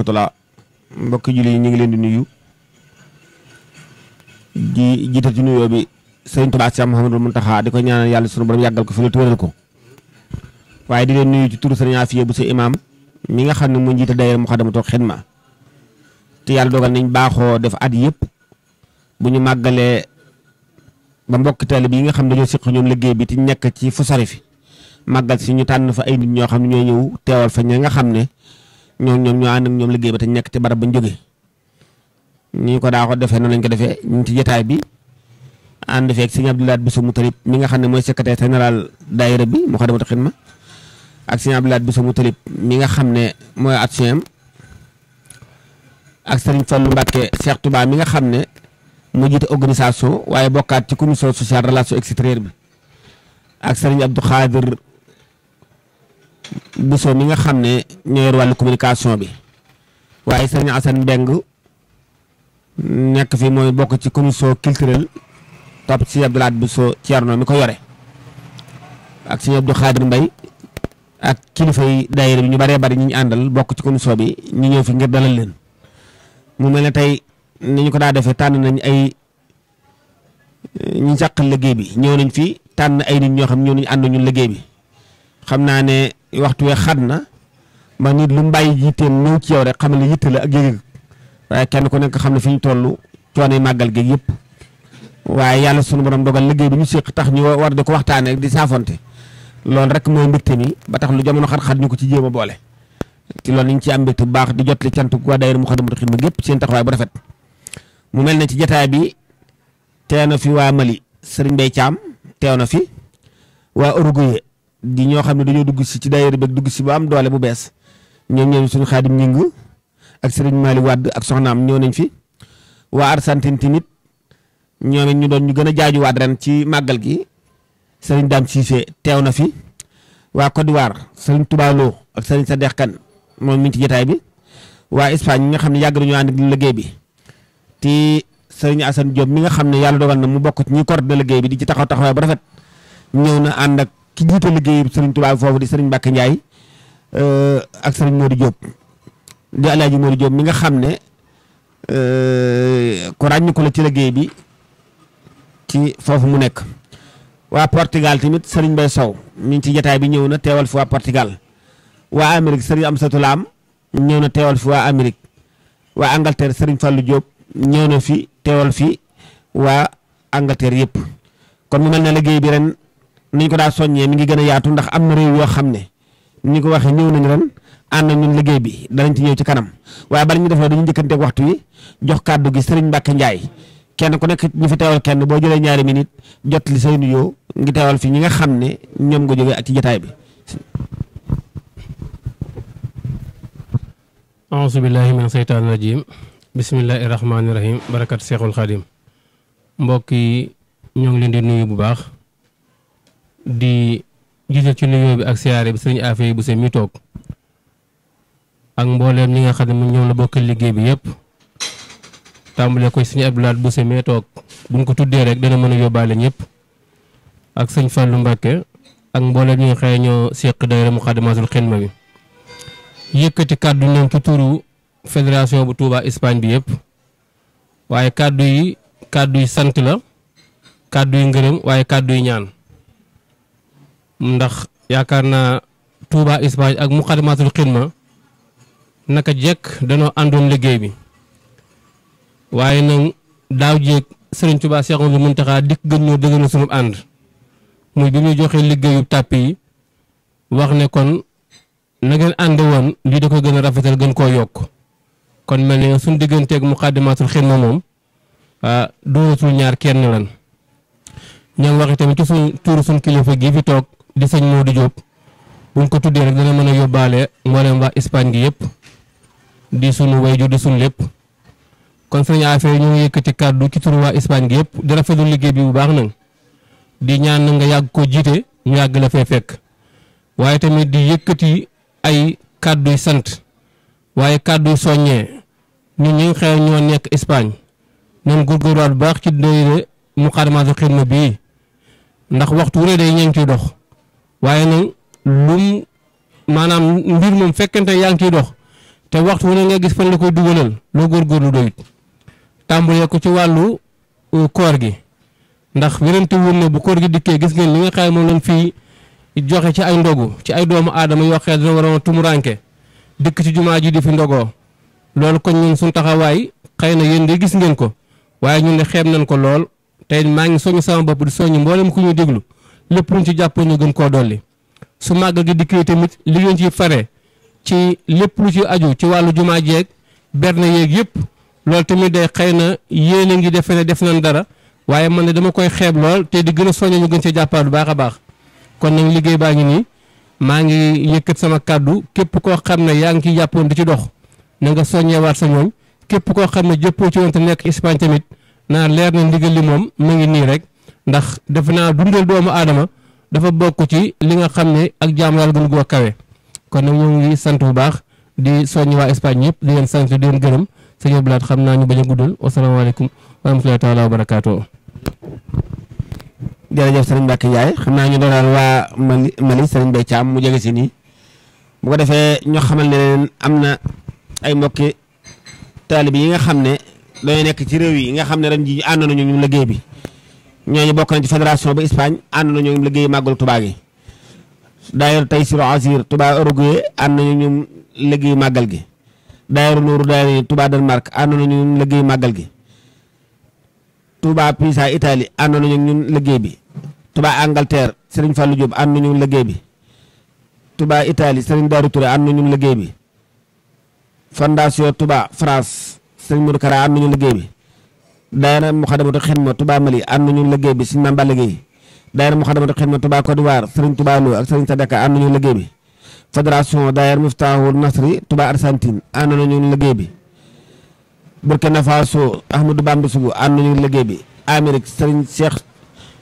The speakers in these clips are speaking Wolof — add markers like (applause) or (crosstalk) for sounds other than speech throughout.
matula mbokki julli ñu ngi leen di nuyu di jiite ci nuyoo bi sëriñ Tuubaa Seex Muhammadul Muntaxa di ko ñaanal yàlla sunu borom yàggal ko fi la tëral ko waaye di leen nuyu ci turu sëriñ Afiya bu sa imaam mi nga xam ne mu jiite daayira Muxaddamatul ma te yàlla dogal nañ baaxoo def at yëpp bu ñu màggalee ba mbokki taalibe yi nga xam ne dañoo seq ñoom liggéey bi te nekk ci fu sori fi màggal si ñu tànn fa ay nit ñoo xam ne ñoo ñëw teewal fa ña xam ne ñoom ñoom ñoo ànd ak ñoom liggéey ba te ñu nekk ci barab bañ jógee ni ko daa ko defee noonu lañ ko defee ñu ci jotaay bi ànd feeg sëñ Abdoulaye Bousso Moutalib mi nga xam ne mooy secrétaire général daayira bi Moukhaddamatoul Khidma ak sëñ Abdoulaye Bousso Moutalib mi nga xam ne mooy adjoint ak sëriñ Fallou Mbacké Cheikh Touba mi nga xam ne mu jiite organisation waaye bokkaat ci commission sociale relation extérieure bi ak sëriñ Abdou Khadir Bousso mi nga xam ne ñoo yor wàllu communication bi waaye sëriñ Assane Mbeng nekk fii mooy bokk ci commission culturelle topp ci Abdoulaye Bousso Thierno mi ko yore ak sëriñ Abdou Khadir Mbay ak kilifa yi daayira bi ñu bare bari ñu ñu àndal bokk ci commission bi ñu ñëw fi ngir dalal leen mu mel ne tey ni ko daa defee tànn nañu ay ñu jàqal liggéey bi ñëw nañ fii tànn ay nit ñoo xam ñëw nañ ànd ñu liggéey bi xam naa ne waxtu we xat na man nit lu mbàyyi jiiteem ñëw ci yow rek xam ne yitte la ak yëg waaye kenn ku nekk xam ne fi ñu toll coono màggal gi yëpp waaye yàlla sunu borom dogal liggéey bi ñu séq tax ñu war di ko waxtaanee di saafonte loolu rek mooy mbégte mi ba tax lu jamono xat-xat ñu ko ci jéem a boole ci lool nañ ci am mbégte baax di jot li cant waa daayira Moukhaddamatoul Khidma gépp seen taxawaay bu rafet mu mel ne ci jataay bi teew na fi waa Mali Serigne Mbaye Thiam teew na fi di ñoo xam ne dañoo dugg si ci daayira bi dugg si ba am doole bu bees ñoom ñoom suñ xaadim ñing ak sëriñ Mali Wade ak soxnaam ñëw nañ fi waa Argentine tamit ñoom ñu doon ñu gën a jaajuwaat ren ci màggal gi sëriñ Dame Cissé teew na fi waa Côte d'Ivoire sëriñ Touba Lo ak sëriñ Sadex Kan moom mi ci jotaay bi waa Espagne ñi nga xam ne yàgg nañu ànd liggéey bi te sëriñ Assane Diop mi nga xam ne yàlla dogal na mu bokk ci ñi coordonné liggéey bi di ci taxaw taxawaay rafet ñëw na ànd ki jiite liggéey sëriñ Tuubaa foofu di sëriñ Mbàkke Njaay ak sëriñ Modou Diop di Alaaji Modou Diop mi nga xam ne euh, ku ràññu ko la ci liggéey bi ci foofu mu nekk waa Portugal tamit sëriñ Mbay Sow mu ngi ci jataay bi ñëw na teewal fi waa Portugal waa Amérique sëriñ am Laam ñëw na teewal fi waa Amérique waa Angleterre sëriñ Fallou Diop ñëw na fi teewal fi waa Angleterre yépp kon mu mel ne liggéey bi ren nañ ko daa soññee mi ngi gën a yaatu ndax am na réew yoo xam ne ni ko waxee ñëw nañ ren ànd na ñun liggéey bi danañ ci ñëw ci kanam waaye bala ñu def dañu njëkkanteeg waxtu yi jox kàddu gi sëriñ Mbacke njaay kenn ku nekk ñu fi teewal kenn boo jëlee ñaari minute jot li say nuyoo ngi teewal fii ñi nga xam ne ñoom nga jógee ak ci jataay bi aousu billahi min seytaani rajim bismillahi rahmaani rahim barakat seexul xadim mbokk yi ñoo ngi leen di nuyu bu baax di jiital ci nuyoo bi ak siyaare bi sëriñ Afia bu seen mi toog ak mbooleem ñi nga xam ne mu la bokk liggéey bi yëpp tàmbale ko sëriñ Abdoulaat bu seen mi toog buñ ko tuddee rek dana mën a yóbbaale ñëpp ak sëñ Fallou Mbacke ak mbooleem ñu nga xëy ñoo seq daayira Muxaddamatul Xidma bi yëkkati kàddu ñoom ci turu fédération bu Touba Espagne bi yëpp waaye kàddu yi kàddu yi sant la kàddu yi ngërëm waaye kàddu ñaan ndax yaakaar naa Touba Espagne ak Muqaddamatul Xidma naka jekk danoo àndoon liggéey bi waaye nag daaw jéeg Sëriñ Touba Cheikh Amadou Mountakha dikk gën ñoo dëgëral sunu ànd muy bi muy joxee liggéeyub tàpp yi wax ne kon na ngeen ànd woon lii da ko gën a rafetal gën koo yokk kon mel ne suñ digganteeg Muqaddamatul Xidma moom ah, doonatul ñaar kenn lan ñoom waxi tamit ci suñ tuur suñ kilifa gi fi toog di sëñ Modou Diop buñ ko tuddee rek dana mën a yóbbaale mboolem waa Espagne gi yëpp di sunu wayju di sunu lépp kon sëñ Afia ñu ngi yëkkati kàddu ci turu waa Espagne gi yëpp dana rafetlu liggéey bi bu baax nag di ñaan nga yàgg ko jiite ñu la fee fekk waaye tamit di yëkkati ay kàdduy sant waaye kàdduy soññee ñun ñi nga ñoo nekk Espagne nañ góorgóorluwaat bu baax ci doyre Muxaddamatul Xidma bii ndax waxtu wu ne day ñeñ ciy dox waaye nag lum maanaam mbir moom fekkente yaa ngi ciy dox te waxtu wu ne nga gis fan la koy dugalal loo góorgóorlu doyut tàmbalee ko ci wàllu koor gi ndax wérante woon ne bu koor gi dikkee gis ngeen li nga xam moom lañ fii joxe ci ay ndogu ci ay doomu aadama yoo xam ne dina waroon a tumuranke dikk ci jumaa ji di fi ndogoo loolu kon ñun suñ taxawaay xëy na yéen de gis ngeen ko waaye ñun ne xeeb nañ ko lool tey maa ngi soññ sama bopp di soññ mboolem ku ñu déglu lépp luñ ci jàppoon ñu gën koo dolli su màggal gi dikkee tamit li ngeen ci fare ci lépp lu ci aju ci wàllu jumaa jeeg berne yéeg yëpp loolu tamit day xëy na yéen a ngi defe ne def nañ dara waaye man ne dama koy xeeb lool te di gën a soññe ñu gën ci jàppaat bu baax a baax kon nag liggéey baa ngi nii maa ngi yëkkat sama kàddu képp koo xam ne yaa ngi ciy jàppoon di ci dox na nga waat sa ñoom képp koo xam ne jëppoo ci woon te nekk Espagne tamit naa leer na ndigal li moom mu ngi nii rek ndax def naa dundal doomu aadama dafa bokk ci li nga xam ne ak jaam yàlla gën goo kawe kon nag ñoo ngi sant bu baax di soññ waa Espagne yëpp di leen sant di leen gërëm sëñ Abdou Lahad xam naa ñu bañ a guddal wasalaamaaleykum wa rahmatullahi taala wa barakaatu. jërëjëf sëriñ Mbacke xam naa ñu doonal waa Mali Mali sëriñ Mbaye Thiam mu jege si nii bu defee ñoo xamal ne am na ay mbokki taalib yi nga xam ne dañoo nekk ci réew yi nga xam ne ren jii ànd nañu ñu liggéey bi. ñooñu bokk nañ ci fédération ba Espagne ànd na ñoom liggéey màggal Tuubaa gi daayiru Taysiru Asir Tuubaa Uruguay ànd nañu ñoom liggéey màggal gi daayiru Nuuru Daari Tuubaa Danemark ànd nañu ñoom liggéey màggal gi Tuubaa Pisa Italie ànd nañu ñun liggéey bi tubaa Angleterre Serigne Fallou Diop ànd nañu liggéey bi Tuubaa Italie Serigne Darou Touré ànd nañu liggéey bi Fondation tubaa France Serigne Modou Kara ànd nañu liggéey bi daayira Muxaddamatul Xidma Touba Mali ànd nañu liggéey bi Sëriñ Mame Balla Gueye daayira Muxaddamatul Xidma Touba Côte d'Ivoire Serigne Touba Lo ak Serigne Sadaka ànd nañu liggéey bi fédération daayira Miftahul Nasri Touba Argentine ànd nañu liggéey bi Burkina Faso Ahmadou Bamba Sougou ànd nañu liggéey bi Amérique Serigne Cheikh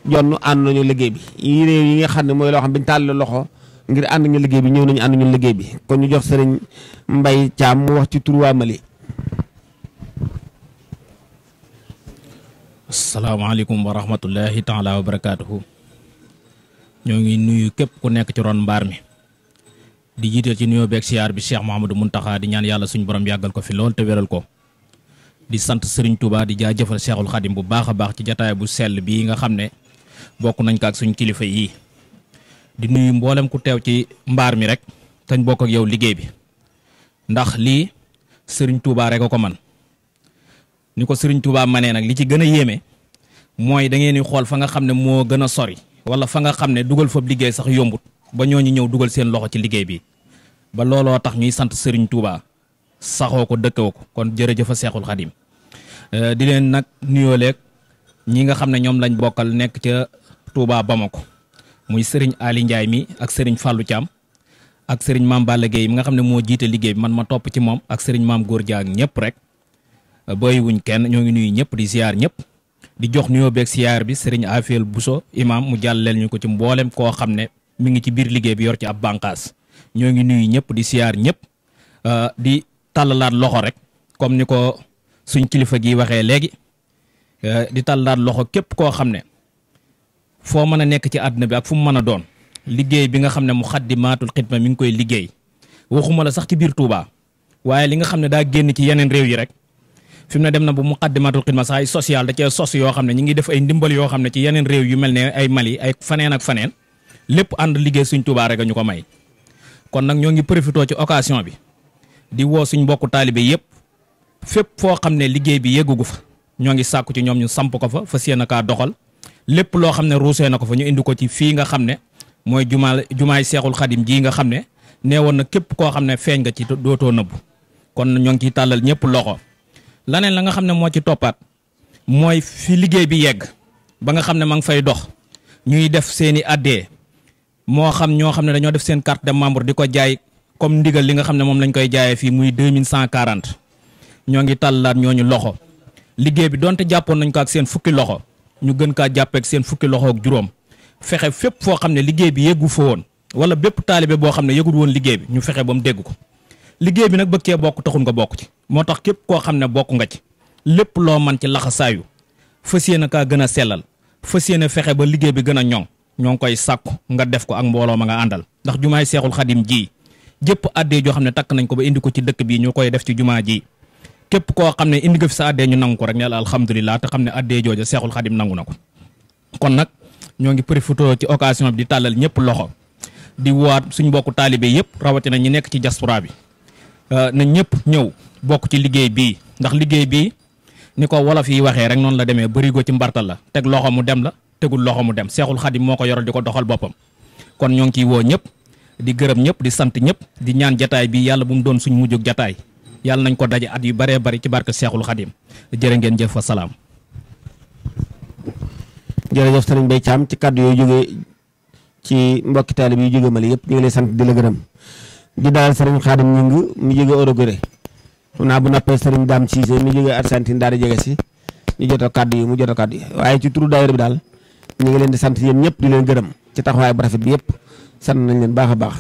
Jonn ànd nañu liggéey bi yi yi nga xam ne mooy loo xam biñ tàll loxo ngir ànd ñu liggéey bi ñëw nañu ànd ñu liggéey bi kon ñu jox Serigne mbay Thiam mu wax ci turu waa Mali asalaamaaleykum wa rahmatullahi taala wa ñoo ngi nuyu képp ku nekk ci ron mbaar mi di jiital ci nuyoo beeg siyaar bi Cheikh Mouhamadou Mountakha di ñaan yàlla suñu borom yàggal ko fi lool te wéral ko di sant sëriñ Touba di jëfal Cheikhul Khadim bu baax a baax ci jataay bu sell bii nga xam ne bokk nañ ko ak suñ kilifa yii di nuyu mboolem ku teew ci mbaar mi rek tañ bokk ak yow liggéey bi ndax lii Serigne Touba rek a ko man ni ko Serigne Touba manee nag li ci gën a yéeme mooy da ngeen di xool fa nga xam ne moo gën a sori wala fa nga xam ne dugal fa liggéey sax yombut ba ñoo ñooñu ñëw dugal seen loxo ci liggéey bi ba looloo tax ñuy sant sëriñ Touba saxoo ko dëkkoo ko kon jërëjëfa a Seexul Xadim euh, di leen nag nuyooleeg ñi nga xam ne ñoom lañ bokkal nekk ca Touba ko muy sëriñ Ali Ndiaye mi ak Serigne Fallou Thiam ak sëriñ Mame Balla Gueye mi nga xam ne moo jiite liggéey bi man ma topp ci moom ak Serigne Mame Góor Dia ak ñëpp rek. bàyyiwuñ kenn ñoo ngi nuyu ñëpp di ziar ñëpp di jox nuyoo beeg siyaar bi sëriñ Afiel Bousso imam mu jàlleel ñu ko ci mboolem koo xam ne mu ngi ci biir liggéey bi yor ci ab bànqaas ñoo ngi nuyu ñëpp di ziar ñëpp euh, di tàllalaat loxo rek comme ni ko suñ kilifa gi waxee léegi euh, di tàllalaat loxo képp koo xam ne foo mën a nekk ci àdduna bi ak fu mu mën a doon liggéey bi nga xam ne mu xaddimaatul xidma mi ngi koy liggéey waxuma la sax ci biir Touba waaye li nga xam ne daa génn ci yeneen réew yi rek fi mu ne dem na bu muqaddimatul xidma sax ay social da cee sos yoo xam ne ñi ngi def ay ndimbal yoo xam ne ci yeneen réew yu mel ne ay Mali ay faneen ak faneen lépp ànd liggéey suñ Tuubaa rek a ñu ko may kon nag ñoo ngi profité ci occasion bi di woo suñ mbokku taalibe yëpp fépp foo xam ne liggéey bi yeggugu fa ñoo ngi sàkku ci ñoom ñu samp ko fa fa yéene kaa doxal lépp loo xam ne ruusee na ko fa ñu indi ko ci fii nga xam ne mooy jumaa jumaay seexul jii nga xam ne nee na képp koo xam ne feeñ nga ci dootoo nëbbu kon ñoo ngi ciy tàllal ñëpp loxo laneen la nga xam ne moo ci toppaat mooy fi liggéey bi yegg ba nga xam ne ma ngi fay dox ñuy def seeni addee moo xam ñoo xam ne dañoo def seen carte de membre di ko jaay comme ndigal li nga xam ne moom lañu koy jaayee fii muy deux mille cent quarante ñoo ngi tàllaat ñu loxo liggéey bi donte jàppoon nañ ko ak seen fukki loxo ñu gën kaa jàppeek seen fukki loxo ak juróom fexe fépp foo xam ne liggéey bi yeggu fa woon wala bépp taalibe boo xam ne yegul woon liggéey bi ñu fexe ba mu dégg ko liggéey bi nag bëkkee bokk taxul nga bokk ci moo tax képp koo xam ne bokk nga ci lépp loo man ci laxasaayu fas yéene kaa gën a sellal fas yéene fexe ba liggéey bi gën a ñoŋ ñoo ngi koy sàkku nga def ko ak mbooloo ma nga àndal ndax jumaay seexul xadim ji jëpp àddee joo xam ne takk nañ ko ba indi ko ci dëkk bii ñu koy def ci jumaa ji képp koo xam ne indi nga fi sa àddee ñu nangu ko rek ne alhamdulilah te xam ne àddee jooja seexul xadim nangu na ko kon nag ñoo ngi profité ci occasion bi di tàllal ñëpp loxo di waat suñ mbokku taalibe yëpp rawatina ñi nekk ci diaspora bi euh, na ñëpp ñëw bokk ci liggéey bi ndax liggéey bi ni ko wolof yi waxee rek noonu la demee bërigo ci mbartal la teg loxo mu dem la tegul loxo mu dem seexul xadim moo ko yoral di ko doxal boppam kon ñoo ngi ciy woo ñëpp di gërëm ñëpp di sant ñëpp di ñaan jataay bi yàlla bu mu doon suñ mujjug jataay yàlla nañ ko daje at yu baree bëri ci barke seexul xadim jërë ngeen jëf wa salaam. jërëjëf sëriñ Mbaye Thiam ci kàddu yooyu jógee ci mbokki taalib yi jóge Mali yëpp ñu ngi sant di la gërëm di daal sëriñ Xaadim ñu ngi mu xam naa bu nappee sëriñ Dame Cissé mi jógee Argentine daal di jege si ñu jot a mu jot a kàddu yi waaye ci turu daayira bi daal ñu ngi leen di sant yéen ñëpp di leen gërëm ci taxawaay bu rafet bi yëpp sant nañ leen baax a baax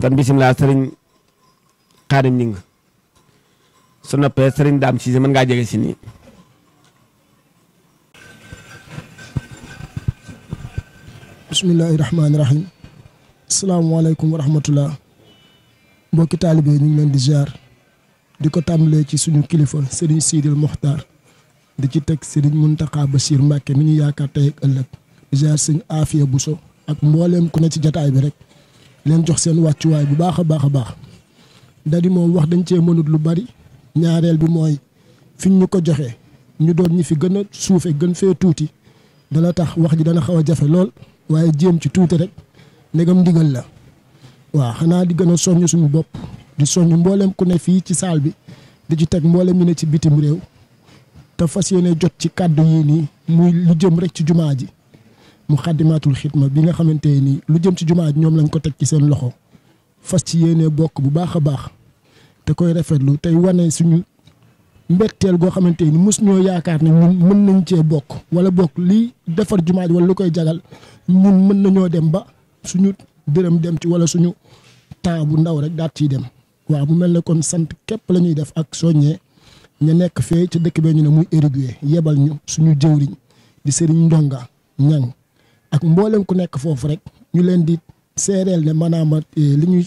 kon bisimilah sëriñ Xaadim Ñing su sëriñ Dame Cissé mën ngaa jege si nii. bismillahi rahmaani rahim asalaamaaleykum wa rahmatullah mbokki taalibe ñu ngi leen di di ko tàmbalee ci suñu kilifa Serigne Sidil Mokhtar di ci teg Serigne Mountakha Bassir Mbacké mi ñu yaakaar tey ak ëllëg di ziar Serigne bu so ak mbooleem ku ne ci jataay bi rek leen jox seen wàccuwaay bu baax a baax a baax da di moom wax dañ cee mënut lu bari ñaareel bi mooy fiñ ñu ko joxee ñu doon ñi fi gën a suufe gën fee tuuti dana tax wax ji dana xaw a jafe lool waaye jéem ci tuuti rek ndegam ndigal la waaw xanaa di gën a soññ suñu bopp di soññ mbooleem ku ne fii ci saal bi di ci teg mbooleem ñu ne ci bitim réew te fas yéene jot ci kàddu yi nii muy lu jëm rek ci jumaa ji mu xàddimaatul xidma bi nga xamante nii lu jëm ci jumaa ji ñoom lañ ko teg ci seen loxo fas ci yéene bokk bu baax a baax te koy rafetlu tey wane suñu mbetteel goo xamante ni mos ñoo yaakaar ne ñun mën nañ cee bokk wala bokk lii defar jumaa ji wala lu koy jagal ñun mën nañoo dem ba suñu dërëm dem ci wala suñu temps bu ndaw rek daat ciy dem waaw mu mel ne kon sant képp la ñuy def ak soññee ñu nekk fee ci dëkk bee ñu ne muy Uruguay yebal ñu suñu jëwriñ di Serigne Ndonga ñang ak mboolem ku nekk foofu rek ñu leen di seereel ne maanaam eh, li ñuy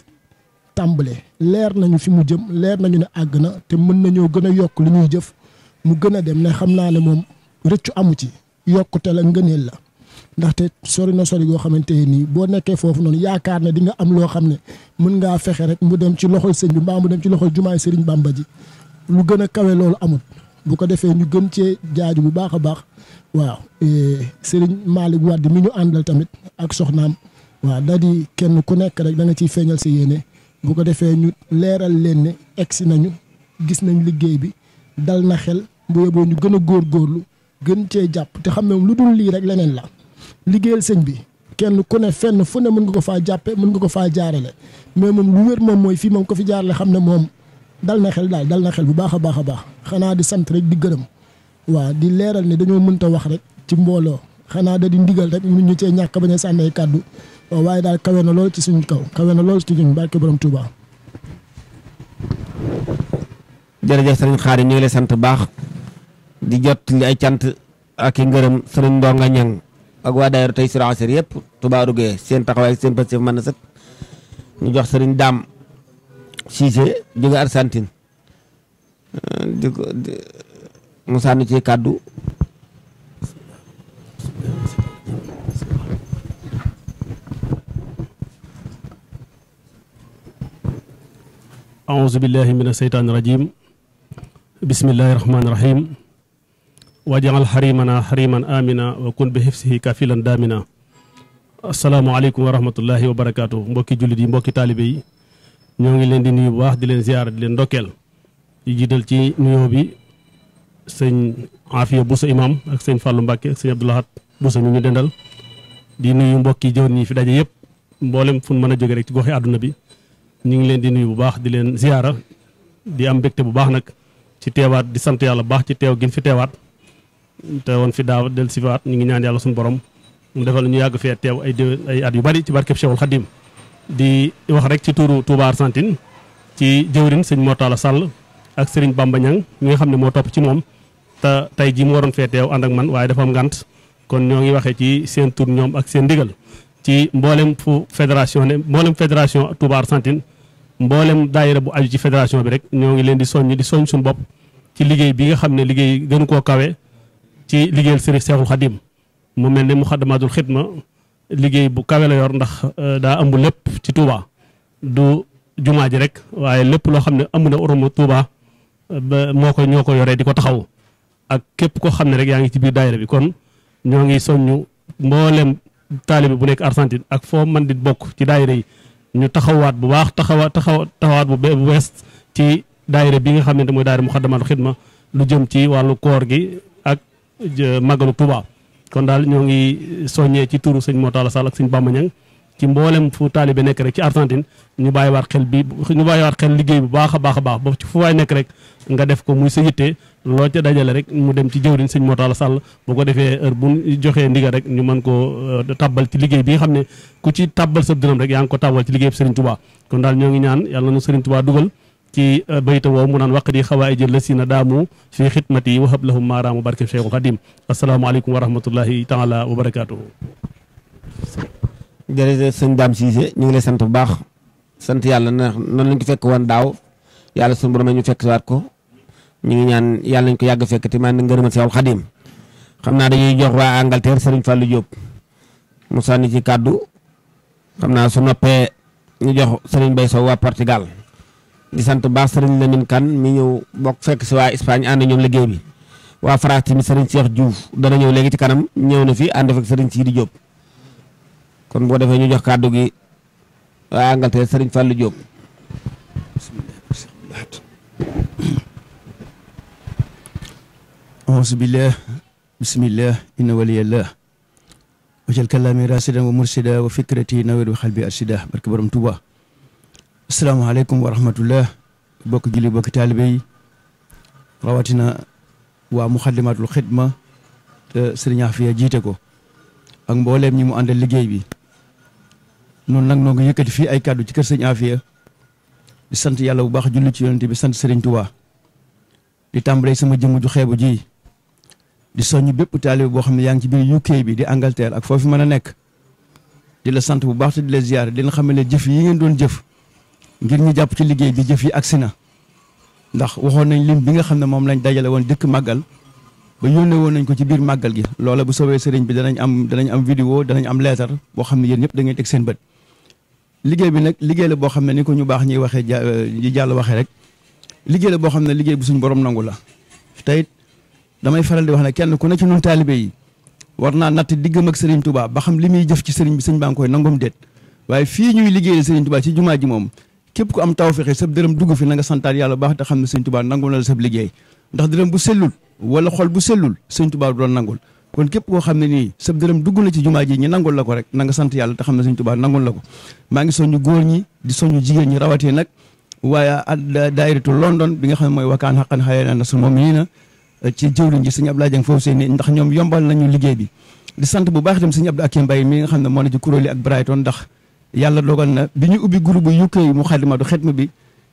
tàmbale leer nañu fi mu jëm leer nañu ne àgg na te mën nañoo gën a yokk li ñuy jëf mu gën a dem ne xam naa ne moom rëccu amu ci yokkute la ngëneel la ndaxte sori na sori goo xamante nii boo nekkee foofu noonu yaakaar ne di nga am loo xam ne mën ngaa fexe rek mu dem ci loxol sëñ bi mbaa mu dem ci loxol jumaay Serigne Bamba ji lu gën a kawe loolu amut bu ko defee ñu gën cee jaaju bu baax a baax waaw e, Serigne Malick Wade mi ñu àndal tamit ak soxnaam waaw da kenn ku nekk rek da nga ciy feeñal si yéene bu ko defee ñu leeral leen ne egsi nañu gis nañ liggéey bi dal na xel bu yeboo ñu gën a góorlu gën cee jàpp te xam ne lu dul lii rek leneen la liggéeyal sëñ bi kenn ku ne fenn fu ne mën nga ko faa jàppe mën nga ko faa jaarale mais moom lu wér moom mooy fii moom ko fi jaarale xam ne moom dal na xel daal dal na xel bu baax a baax a baax xanaa di sant rek di gërëm waa di leeral ne dañoo mënta wax rek ci mbooloo xanaa da di ndigal rek ñun ñu cee ñàkk ba ñu sànnee kàddu waaye daal kawe na lool ci suñu kaw kawe na lool ci ñun barke borom Touba. jërëjëf sëriñ Xaadim ñu ngi lay baax di jot li ay cant ak i ngërëm sëriñ Ndonga ak waa daayira tey sura asir yëpp Touba Rougué seen taxawaay seen pastéef mën na set ñu jox sëriñ Dame Cissé jóge Argentine euh, di ko mu sànni ci kàddu aouzu billahi min aseytaani rajim bismillahi rahmaani rahim wajaal xarimana xariman amina wa kun bi xifsihi lan daamina asalaamaaleykum wa rahmatullahi wa barakaatu mbokki jullit yi mbokki taalibe yi ñoo ngi leen di nuyu bu baax di leen ziyaara di leen di jiital ci bi sëñ Afiya Busa imam ak sëñ Fàllu Mbàkke ak sëñ Abdoulahat Busa mi ñu dendal di nuyu mbokki jëwriñ fi daje yëpp mboolem fu mën a jóge rek ci goxi àdduna bi ñu ngi leen di nuyu bu baax di leen ziyaara di am mbégte bu baax nag ci teewaat di sant yàlla bu baax ci teew gin fi teewaat teewoon fi daaw del siwaat ñu ngi ñaan yàlla suñu borom mu defal ñu yàgg fee teew ay ay at yu bari ci barkeb Cheikhul Khadim di wax rek ci tuuru Touba Argentine ci jëwrin sëñ Mortala Sall ak Serigne Bamba Niang mi nga xam ne moo topp ci moom te tey jii mu waroon fee teew ànd ak man waaye dafa am ngànt kon ñoo ngi waxee ci seen tur ñoom ak seen ndigal ci mboolem fu fédération ne mboolem fédération Touba Argentine mboolem daayira bu aju ci fédération bi rek ñoo ngi leen di soññ di soññ suñu bopp ci liggéeyal sëriñ Seexul Xadim mu mel ne Muxaddamatul Xidma liggéey bu kawe la yor ndax euh, daa ambul lépp ci Touba du jumaa ji rek waaye lépp loo xam ne ëmb na oroma Touba ba moo ko ñoo ko yoree di ko taxaw ak képp koo xam ne rek yaa ngi ci biir daayira bi kon ñoo ngi soññu mboolem taalibe bu nekk Argentine ak foo man di bokk ci daayira yi ñu taxawaat bu baax taxawa taxaw taxawaat bu bees ci daayira bi nga xam ne mooy daayira Muxaddamatul Xidma lu jëm ci wàllu màggalu Touba kon daal ñoo ngi soññee ci turu sëñ Motala Sall ak sëñ Bamba Ñang ci mboolem fu taalibe nekk rek ci Argentine ñu bàyyiwaat xel bi ñu bàyyiwaat xel liggéey bu baax a baax a baax ba fu waay nekk rek nga def ko muy sa yitte loo ca dajale rek mu dem ci jëwriñ sëñ Motala Sall bu ko defee heure bu joxee ndigal rek ñu mën koo euh, tabbal ci liggéey bi nga xam ne ku ci tabbal sa dërëm rek yaa ngi ko tabbal ci liggéey bi Serigne kon daal ñoo ngi ñaan ci euh, bayta woow mu naan waqdi xawaayijal lasina daamu fi xidmati wa hab lahum maaraamu barke Cheikhul Xadim asalaamaaleykum wa rahmatullahi taala wa barakaatuhu jërëjëf sëñ Dame Cissé ñu ngi lay sant bu baax sant yàlla na noonu lañ ko fekk woon daaw yàlla suñu borom ñu fekk waat ko ñu ngi ñaan yàlla nañ ko yàgg fekk te maa ngi ngërëmal Cheikhul Xadim xam naa dañuy jox waa Angleterre Serigne Fallou Diop mu sànni ci kàddu xam naa su noppee ñu jox Serigne Bay Sow di sant baax sëriñ Lamine Kane mi ñëw bokk fekk si waa Espagne ànd ñoom liggéey bi waa France tamit sëriñ Cheikh Diouf dana ñëw léegi ci kanam ñëw na fi ànd fekk sëriñ Sidi Diop kon boo defee ñu jox kàddu gi waa Angleterre sëriñ Fallou Diop auzu billah bismillah inna waliyallah wajal kalaami rasida wa mursida wa fikrati nawir wa xalbi arsida barke borom Tuubaa asalaamaaleykum wa rahmatullah bokk julli bokk taalibe yi rawatina waa muxaddimatul xidma te sëriñ Afiya jiite ko ak mbooleem ñi mu àndal liggéey bi noonu nag noo ngi yëkkati fii ay kàddu ci kër sëriñ Afiya di sant yàlla bu baax julli ci yonent bi sant sëriñ Tuubaa di tàmbalee sama jëmm ju xeebu ji di soññ bépp taalibe boo xam ne yaa ngi ci biir UK bi di Angleterre ak foofu mën a nekk di la sant bu baax te di la ziyaar di leen xamale ngeen doon jëf ngir ñu jàpp ci liggéey bi jëf yi agsi na ndax waxoon nañ lim bi nga xam ne moom lañ dajale woon dëkk màggal ba yónnee woon nañ ko ci biir màggal gi loola bu soobee sëriñ bi danañ am danañ am vidéo danañ am leetar boo xam ne yéen ñëpp da ngeen teg seen bët liggéey bi nag liggéey la boo xam ne ni ko ñu baax ñuy waxee ji jàll waxee rek liggéey boo xam ne liggéey bu suñu borom nangu la tey damay faral di wax ne kenn ku nekk ci nun taalibe yi war naa natt diggam ak sëriñ Touba ba xam li muy jëf ci sëriñ bi sëñ baa ngi koy waaye fii ñuy liggéeyal sëriñ Touba jumaa ji moom képp ku am tawféex sab dërëm dugg fi nanga nga santaat yàlla baax te xam ne sëñ Tuubaa nangul na la sab liggéey ndax dërëm bu sellul wala xol bu sellul sëñ Tuubaa doon nangul kon képp koo xam ne nii sab dërëm dugg na ci jumaa ji ñi nangul la ko rek nanga nga sant yàlla te xam ne sëñ Tuubaa nangul la ko maa ngi soññu góor ñi di soññu jigéen ñi rawatee nag waaye to London bi nga xam ne mooy wakkaan xaqan xayana nasul mu'minina ci jëwriñ ji sëñ Abdoulaye Dieng foofu seen ndax liggéey bi sant bu baax itam sëñ Abdou Akim Mbaye nga xam ne moo ne ci kuréel yi ak yàlla dogal na bi ñu ubbi groupe yu këy mu xadimatu xetma bi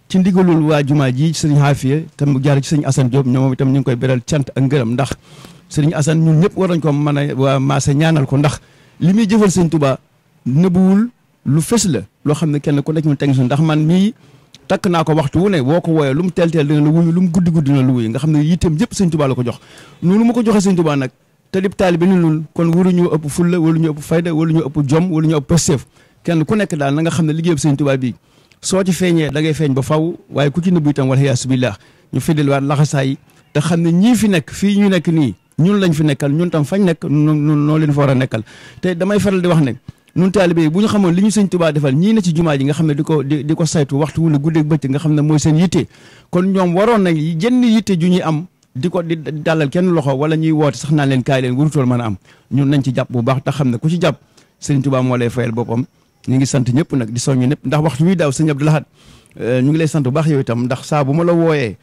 ci ndigalul waa jumaa ji sëriñ Xaafiya te mu jaar ci sëriñ Assane joom ñoom moom itam ñu ngi koy beral cant ak ngërëm ndax sëriñ Assane ñun ñëpp war nañ ko mën a waa maasa ñaanal ko ndax li muy jëfal sëriñ Tuubaa nëbbuwul lu fës la loo xam ne kenn ku nekk ñu teg ndax man mii takk naa ko waxtu wu ne boo ko wooyee lu mu teel teel dina la wuyu lu mu guddi guddi dina la wuyu nga xam ne yitteem yëpp sëriñ Tuubaa la ko jox noonu ko joxee sëriñ Tuubaa nag te dib taalibe ni nun kon waruñu ëpp fulla waruñu ëpp fayda waruñu ëpp jom waruñu ëpp pësteef kenn ku nekk daal na nga xam ne liggéeyam sëñ Tuubaa bi soo ci feeñee dangay ngay feeñ ba faw waaye ku ci nëbbu itam wala yaasubillah ñu fidilwaat laxasaay te xam ne ñii fi nekk fii ñu nekk nii ñun lañ fi nekkal ñun tam fañ nekk nun leen fa war a nekkal te damay faral di wax ne nun yi bu ñu xamoon li ñu sëñ Tuubaa defal ñii na ci jumaa ji nga xam ne di ko ko saytu waxtu wu ne guddeeg bëccëg ne mooy seen yitte kon ñoom waroon nañ jenn yitte ju ñuy am di ko di dalal kenn loxo wala ñuy woote sax naan leen kaay leen warutool mën a am ñun nañ ci jàpp bu baax te ne ku ci jàpp sëñ Tuubaa moo fayal boppam ñu ngi sant ñëpp nag di soññu ñëpp ndax waxtu wi daaw sëñ Abdou Lahad euh, ñu ngi lay sant bu baax yow itam ndax saa bu ma la wooyee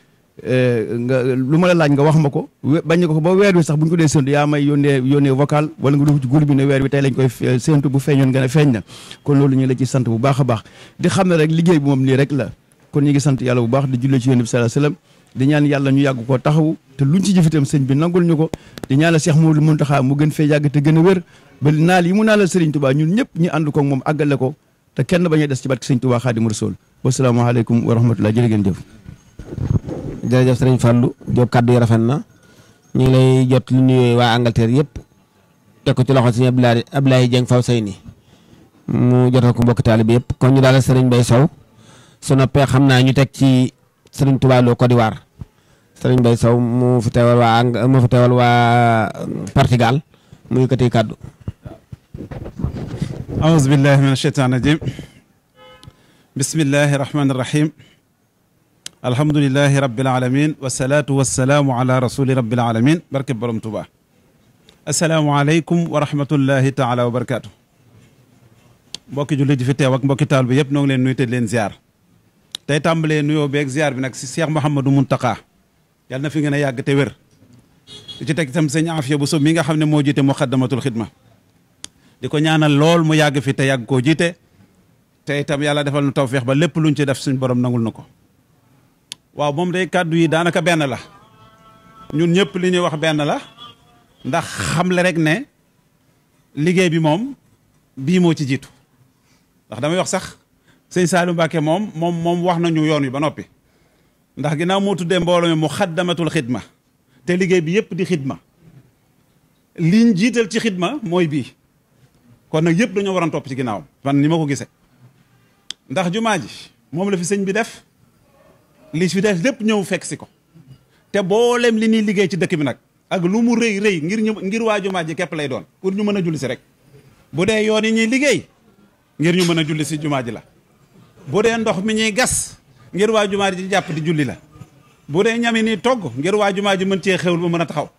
euh, nga lu ma la laaj nga wax ma ko bañ ko ba weer wi sax bu ñu ko dee séntu yaa may yónnee yónnee vocal wala nga dugg ci groupe bi ne weer wi tey lañ koy euh, séntu bu feeñoon nga ne feeñ na kon loolu ñu ngi la sant bu baax baax di xam ne rek liggéey bi moom nii rek la kon ñu ngi sant yàlla bu baax di jullee ci yónni bi sallallahu alayhi di ñaan yàlla ñu yàgg koo taxawu te luñ ci jëf itam sëñ bi nangul ñu ko di ñaan la Cheikh Mouhamadou Mountakha mu gën fee yàgg gën a wér ba naal yi mu naalal Serigne ñun ñëpp ñu ànd ko moom àggale ko te kenn bañ a des ci barke Serigne Touba Xaadimu Rasuul wasalaamaaleykum wa rahmatulah jërë ngeen jëf. jërëjëf Serigne Fallou Diop kaddu yi rafet na ñu ngi lay jot lu nuyee waa Angleterre yëpp teg ci loxo Serigne Abdoulaye Abdoulaye say ni mu jotal ko mbokk taalibe yëpp kon ñu daal Serigne bay Sow su noppee xam naa ñu teg ci Serigne Touba Lo Côte d'Ivoire Serigne Mbaye Sow mu fi teewal waa mu fi mu yëkkati kàddu aouzu billahi min asheytan rajim bismillahi rahmani rahim alhamdulilahi rabbil ala rasuli rabbil alamin barke borom Tuuba asalaamualeykum wa rahmatullahi taala wa barakaatu mbokki jullit ji fi teew ak mbokki taal bi yëpp noo ngi leen nuyu te leen ziar tey nuyoo beeg ziar bi nag si Cheikh fi ngeen a di ci teg itam sëñ Afia so mi nga xam ne moo jiite muqaddamatul xidma di ko ñaanal lool mu yàgg fi te yàgg koo jiite tey tam yàlla defal nu tawféex ba lépp lu luñ ci def suñ borom nangul na ko waaw moom day kàddu yi daanaka benn la ñun ñëpp li ñuy wax benn la ndax xam le rek ne liggéey bi moom bii moo ci jiitu ndax damay wax sax sëñ Saliou Mbacke moom moom moom wax nañu yoon wi ba noppi ndax ginnaaw moo tuddee mbooloo mi mu xaddamatul xidma te liggéey bi yëpp di xidma liñ jiital ci xidma mooy bii kon nag yëpp dañoo waroon topp ci ginnaawam man ni ma ko gise ndax jumaa ji moom la fi sëñ bi def li fi def lépp ñëw fekk si ko te boolem li ñuy liggéey ci dëkk bi nag ak lu mu rëy rëy ngir ñu ngir waa jumaa ji képp lay doon pour ñu mën a julli si rek bu dee yoon yi ñuy liggéey ngir ñu mën a julli si jumaa ji la bu dee ndox mi ñuy gas ngir waa jumaa ji jàpp di julli la bu dee ñami nii togg ngir waa jumaa ji mën cee xewul ba mën a taxaw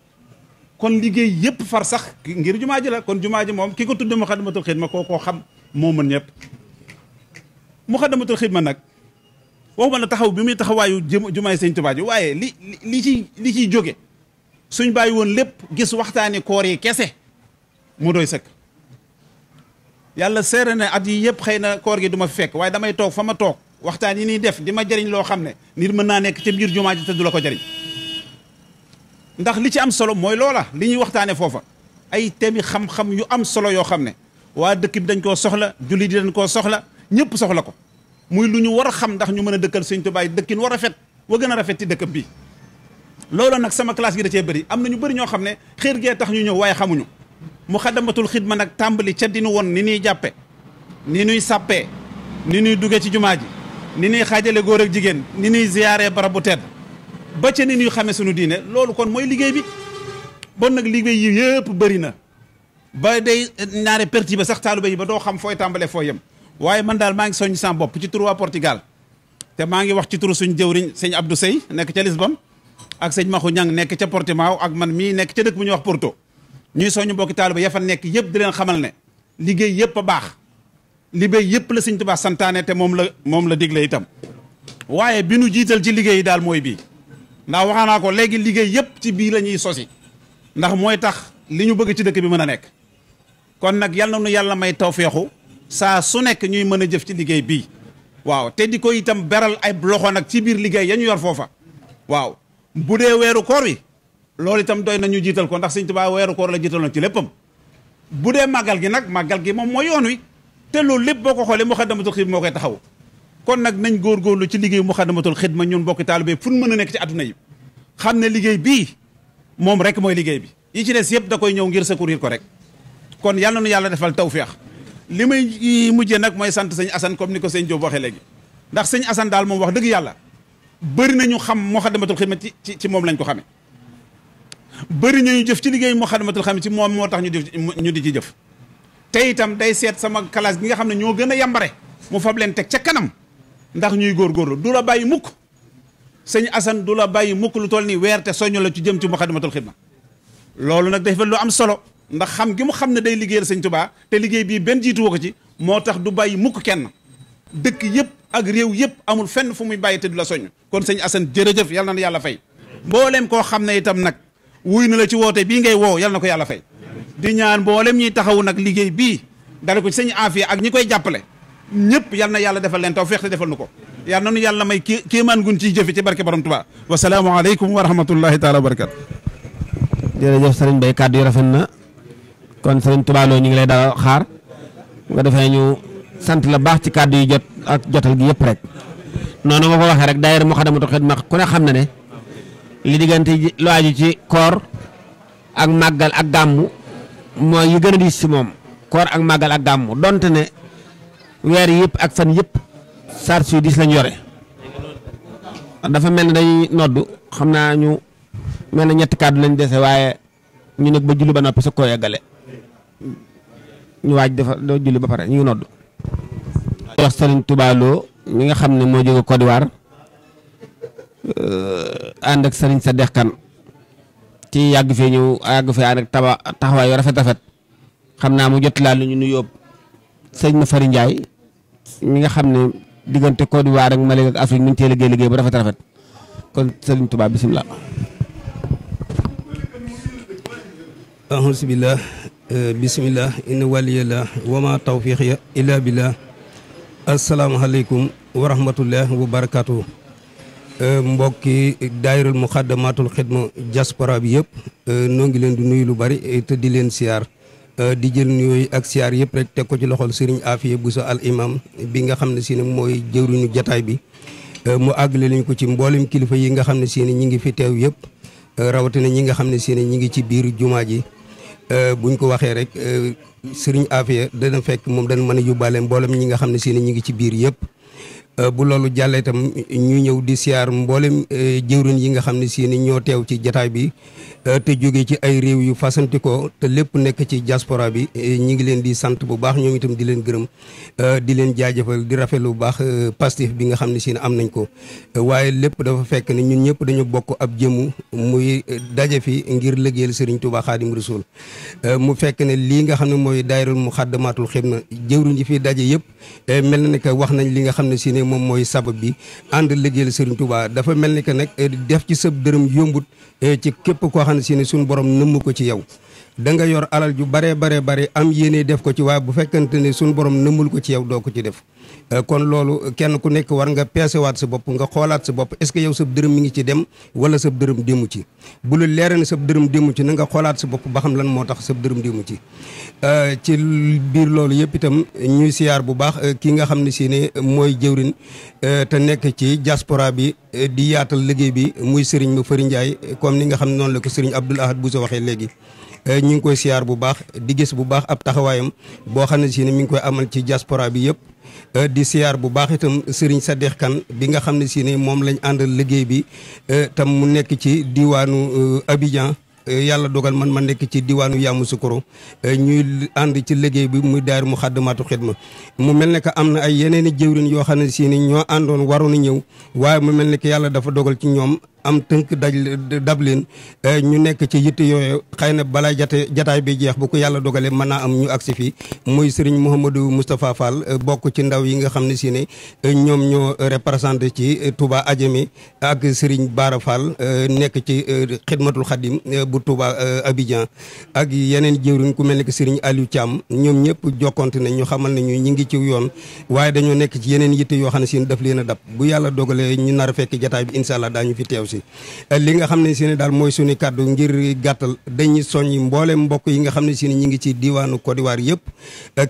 kon liggéey yëpp far sax ngir jumaa ji la kon jumaa ji moom ki ko tudde Muxaddamatul Xidma koo koo xam moo mën ñëpp Muxaddamatul Xidma nag waxuma la taxaw bi muy taxawaayu jumaay sëñ Tuubaa ji waaye li li ci li ciy jóge suñ bàyyi woon lépp gis waxtaani koor yi kese mu doy sëkk yàlla seere na at yi yëpp xëy na koor gi duma ma fekk waaye damay toog fa ma toog waxtaan yi niy def di ma jariñ loo xam ne nit mën naa nekk ca biir jumaa ji te du la ko jariñ ndax li ci am solo mooy loola li ñuy waxtaane foofa ay temi xam-xam yu am solo yoo xam ne waa dëkk bi dañ koo soxla julli di dañ koo soxla ñëpp soxla ko muy lu ñu war a xam ndax ñu mën a dëkkal Sëñ baay dëkkin war rafet wa gën a rafet ci dëkk bi loolu nag sama classe gi da cee bëri am na ñu bëri ñoo xam ne xër gee tax ñu ñëw waaye xamuñu mu xadamatul xidma nag tàmbali ca dinu woon ni ñuy jàppe ni ñuy sàppee ni ñuy duggee ci jumaa ji ni ñuy xaajale góor ak jigéen ni ñuy ziyaare barab bu tedd ba ca ni ñuy xamee suñu diine loolu kon mooy liggéey bi bon nag liggéey yi yëpp na ba day ñaare perti ba sax taalibe yi ba doo xam fooy tàmbalee fooy yam waaye man daal maa ngi soññ sama ci turu waa Portugal te maa ngi wax ci turu suñ jëwriñ sëñ Abdou Sey nekk ca Lisbonne ak sëñ Maxu Ñang nekk ca Portimao ak man mii nekk ca dëkk bu ñuy wax Porto ñuy soñu mbokki taalibe ya fa nekk yëpp di leen xamal ne liggéey yëpp a baax liggéey yëpp la sëñ Tuubaa santaane te moom la moom la digle itam waaye bi nu jiital ci liggéey yi daal mooy bii ndax waxaa naa ko léegi liggéey yëpp ci bii la ñuy sosi ndax mooy tax li ñu bëgg ci dëkk bi mën a nekk kon nag yal na nu yàlla may tawféexu saa su nekk ñuy mën a jëf ci liggéey bii waaw te di ko itam beral ay loxo nag ci biir liggéey ya ñu yor foofa waaw bu dee weeru koor wi loolu itam doy nañu jiital ko ndax sëñ Tuubaa weeru koor la jiitaloon ci léppam bu dee màggal gi nag màggal gi moom mooy yoon wi te loolu lépp boo ko xoolee muxaddamatul xidma moo koy taxaw kon nag nañ góorgóorlu ci liggéey muxaddamatul xidma ñun bokki taalibe fu ñu mën a nekk ci àdduna yi xam ne liggéey bii moom rek mooy liggéey bi yi ci des yëpp da koy ñëw ngir secourir ko rek kon yàlla nu yàlla defal feex li may mujjee nag mooy sant sëñ Assane comme ni ko sëñ Diop waxee léegi ndax sëñ Assane daal moom wax dëgg yàlla bëri ñu xam muxaddamatul xidma ci ci moom lañ ko xamee bëri nañu jëf ci liggéey muxaddamatul xidma ci moom moo tax ñu di ñu di ci jëf tey itam day seet sama classe gi nga xam ne ñoo gën a yambare mu fab leen teg ca kanam ndax ñuy góorgóorlu du la bàyyi mukk sëñ Assane du la bàyyi mukk lu toll nii weer te soññu la ci jëm ci Muxaddamatul Xidma loolu nag dafa lu am solo ndax xam gi mu xam ne day liggéeyal sëñ Tuubaa te liggéey bii benn jiitu ko ci moo tax du bàyyi mukk kenn dëkk yëpp ak réew yëpp amul fenn fu muy bàyyi te du la soññ kon sëñ Assane jërëjëf yal na yàlla fay mbooleem koo xam ne itam nag wuy na la ci woote bii ngay woo yal na ko yàlla fay di ñaan mboolem ñuy taxawu nag liggéey bii dara ko sëñ Afia ak ñi koy jàppale ñëpp yal na yàlla defal leen taw feex te defal nu ko yal na nu yàlla may kii kéemaan gun ciy jëfe ci barke borom Tuubaa wasalaamu aleykum wa rahmatullahi taala wa barakaatu jërëjëf sëriñ Bay kàddu yi rafet na kon sëriñ Tuubaa ñu ngi lay daa xaar nga defee ñu sant la baax ci kàddu yi jot ak jotal gi yëpp rek noonu nga ko waxee rek daa daayira Muxaddamatul Xidma ku ne xam na ne li diggante lu aju ci koor ak màggal ak gàmmu mooy yu gën a diis si moom koor ak màggal ak gàmmu donte ne weer yëpp ak fan yépp charge yu diis lañ yore dafa mel ne dañuy noddu xam naa ñu mel na ñett kàddu lañ dese waaye ñu nekk ba julli ba noppi sa ko yeggale ñu waaj dafa doo julli ba pare ñu ngi noddu wax Sëriñ Tuubaa Lo mi nga xam ne moo jóge Côte d'Ivoire euh, ànd ak Sëriñ sa dexkan ci yàgg fee ñëw yàgg fee ànd ak taba taxawaay yu rafet rafet xam naa mu jot laa lu ñu nu yóbbu sëñ ma Fari Ndiaye mi nga xam ne diggante Côte d'Ivoire ak Mali ak Afrique mi ngi cee liggéey liggéey bu rafet rafet kon sëriñ Tuubaa bisimilah. alhamdulilah bisimilah inna waliyallah wa ma tawfiq ya illa billah asalaamaaleykum wa rahmatullah wa Euh, mbokki daayirul muxaddamatul xidma diaspora bi yëpp euh, noo ngi leen di nuyu lu bari te di leen siyaar euh, di jël nuyooyu ak siyaar yëpp rek teg ko ci loxol sëriñ Afiya Buso al imam bi nga xam ne si ne mooy jëwriñu jataay bi mu àggale lañ ko ci mboolem kilifa yi nga xam ne si ne ñi ngi fi teew yëpp rawatina ñi nga xam ne si ne ñi ngi ci biir jumaa ji buñ ko waxee rek sëriñ Afiya dana fekk moom dana mën a yóbbaale mboolem ñi nga xam ne si ne ñi ngi ci biir yëpp Euh, bu loolu jàllee itam ñu ñëw di siyaar mboolem euh, jëwriñ yi nga xam ni si ni ñoo teew ci jataay bi Eh, te jóge ci ay réew yu fasanti te lépp nekk ci diaspora bi eh, ñu ngi leen di sant bu baax ñoo ngi itam di leen gërëm eh, di leen jaajëfal di rafetlu baax pastif bi nga xam ne si am nañ ko waaye lépp dafa fekk ne ñun ñëpp dañu bokk ab jëmmu muy daje fi ngir liggéeyal Serigne Touba Khadim Rasoul mu fekk ne lii nga xam ne mooy mu daayirul Muxaddamaatul na jëwriñ ji fi daje yëpp mel na ne que wax nañ li nga xam ne si ne moom mooy sabab bi ànd liggéeyal Serigne Touba dafa mel ni que nag def ci sëb dërëm yombut xam suñu borom nëmm ko ci yow da nga yor alal ju bare bare bare am yéene def ko ci waaye bu fekkante ne suñu borom nëmmul ko ci yow doo ko ci def Euh, kon loolu kenn ku nekk war nga peesewaat sa bopp nga xoolaat sa bopp est-ce que yow sab dërëm mi ngi ci dem wala sab dërëm demu ci bu la leere ne sab dërëm demu ci na nga xoolaat sa bopp ba xam lan moo tax sab dërëm demu ci euh, ci biir loolu yëpp itam ñuy siyaar bu baax euh, ki nga xam ne si ne mooy jëwrin te nekk ci diaspora bi di yaatal liggéey bi muy sëriñ ma fëri Ndiaye comme ni nga xam ne noonu la ko sëriñ Abdoul Ahad bu sa waxee léegi ñu ngi koy siyaar bu baax di gis bu baax ab taxawaayam boo xam ne si ne mi ngi koy amal ci diaspora bi yëpp Euh, di siyaar bu baax itam Serigne Sadikh Kane bi nga xam ne si ne moom lañu àndal liggéey bi euh, tam mu nekk ci diwaanu euh, Abidjan. yàlla dogal man ma nekk ci diwaanu Yamoussoukro ñuy ànd ci liggéey bi muy daar mu daayira Muxaddamatul Xidma mu mel ne que am na ay yeneen i jëwriñ yoo xam ne si ni ñoo àndoon waroon a ñëw waaye mu mel ne yàlla dafa dogal ci ñoom am tënk daj dab leen euh, ñu nekk ci yitte yooyu xëy na balaa jate jataay bi jeex bu ko yàlla dogalee mën naa am ñu agsi fii muy sëriñ Mouhamadou Moustapha Fall euh, bokk ci ndaw yi nga xam ne si ne euh, ñoom ñoo représenté ci Touba Adjamé ak Serigne Bara Fall nekk ci xidmatul xadim bu Touba Abidjan ak yeneen jëwriñ ku mel ne que Serigne Aliou Thiam ñoom ñëpp jokkonte ne ñu xamal ne ñu ñi ngi ci yoon waaye dañoo nekk ci yeneen yitte yoo xam ne si daf leen a dab bu yàlla dogalee ñu nar a fekk jataay bi si li nga xam ne si daal mooy suñu kàddu ngir gàttal dañuy soññ mbooleem mbokk yi nga xam ne si ne ñi nga ci diwaanu Côte d'Ivoire yëpp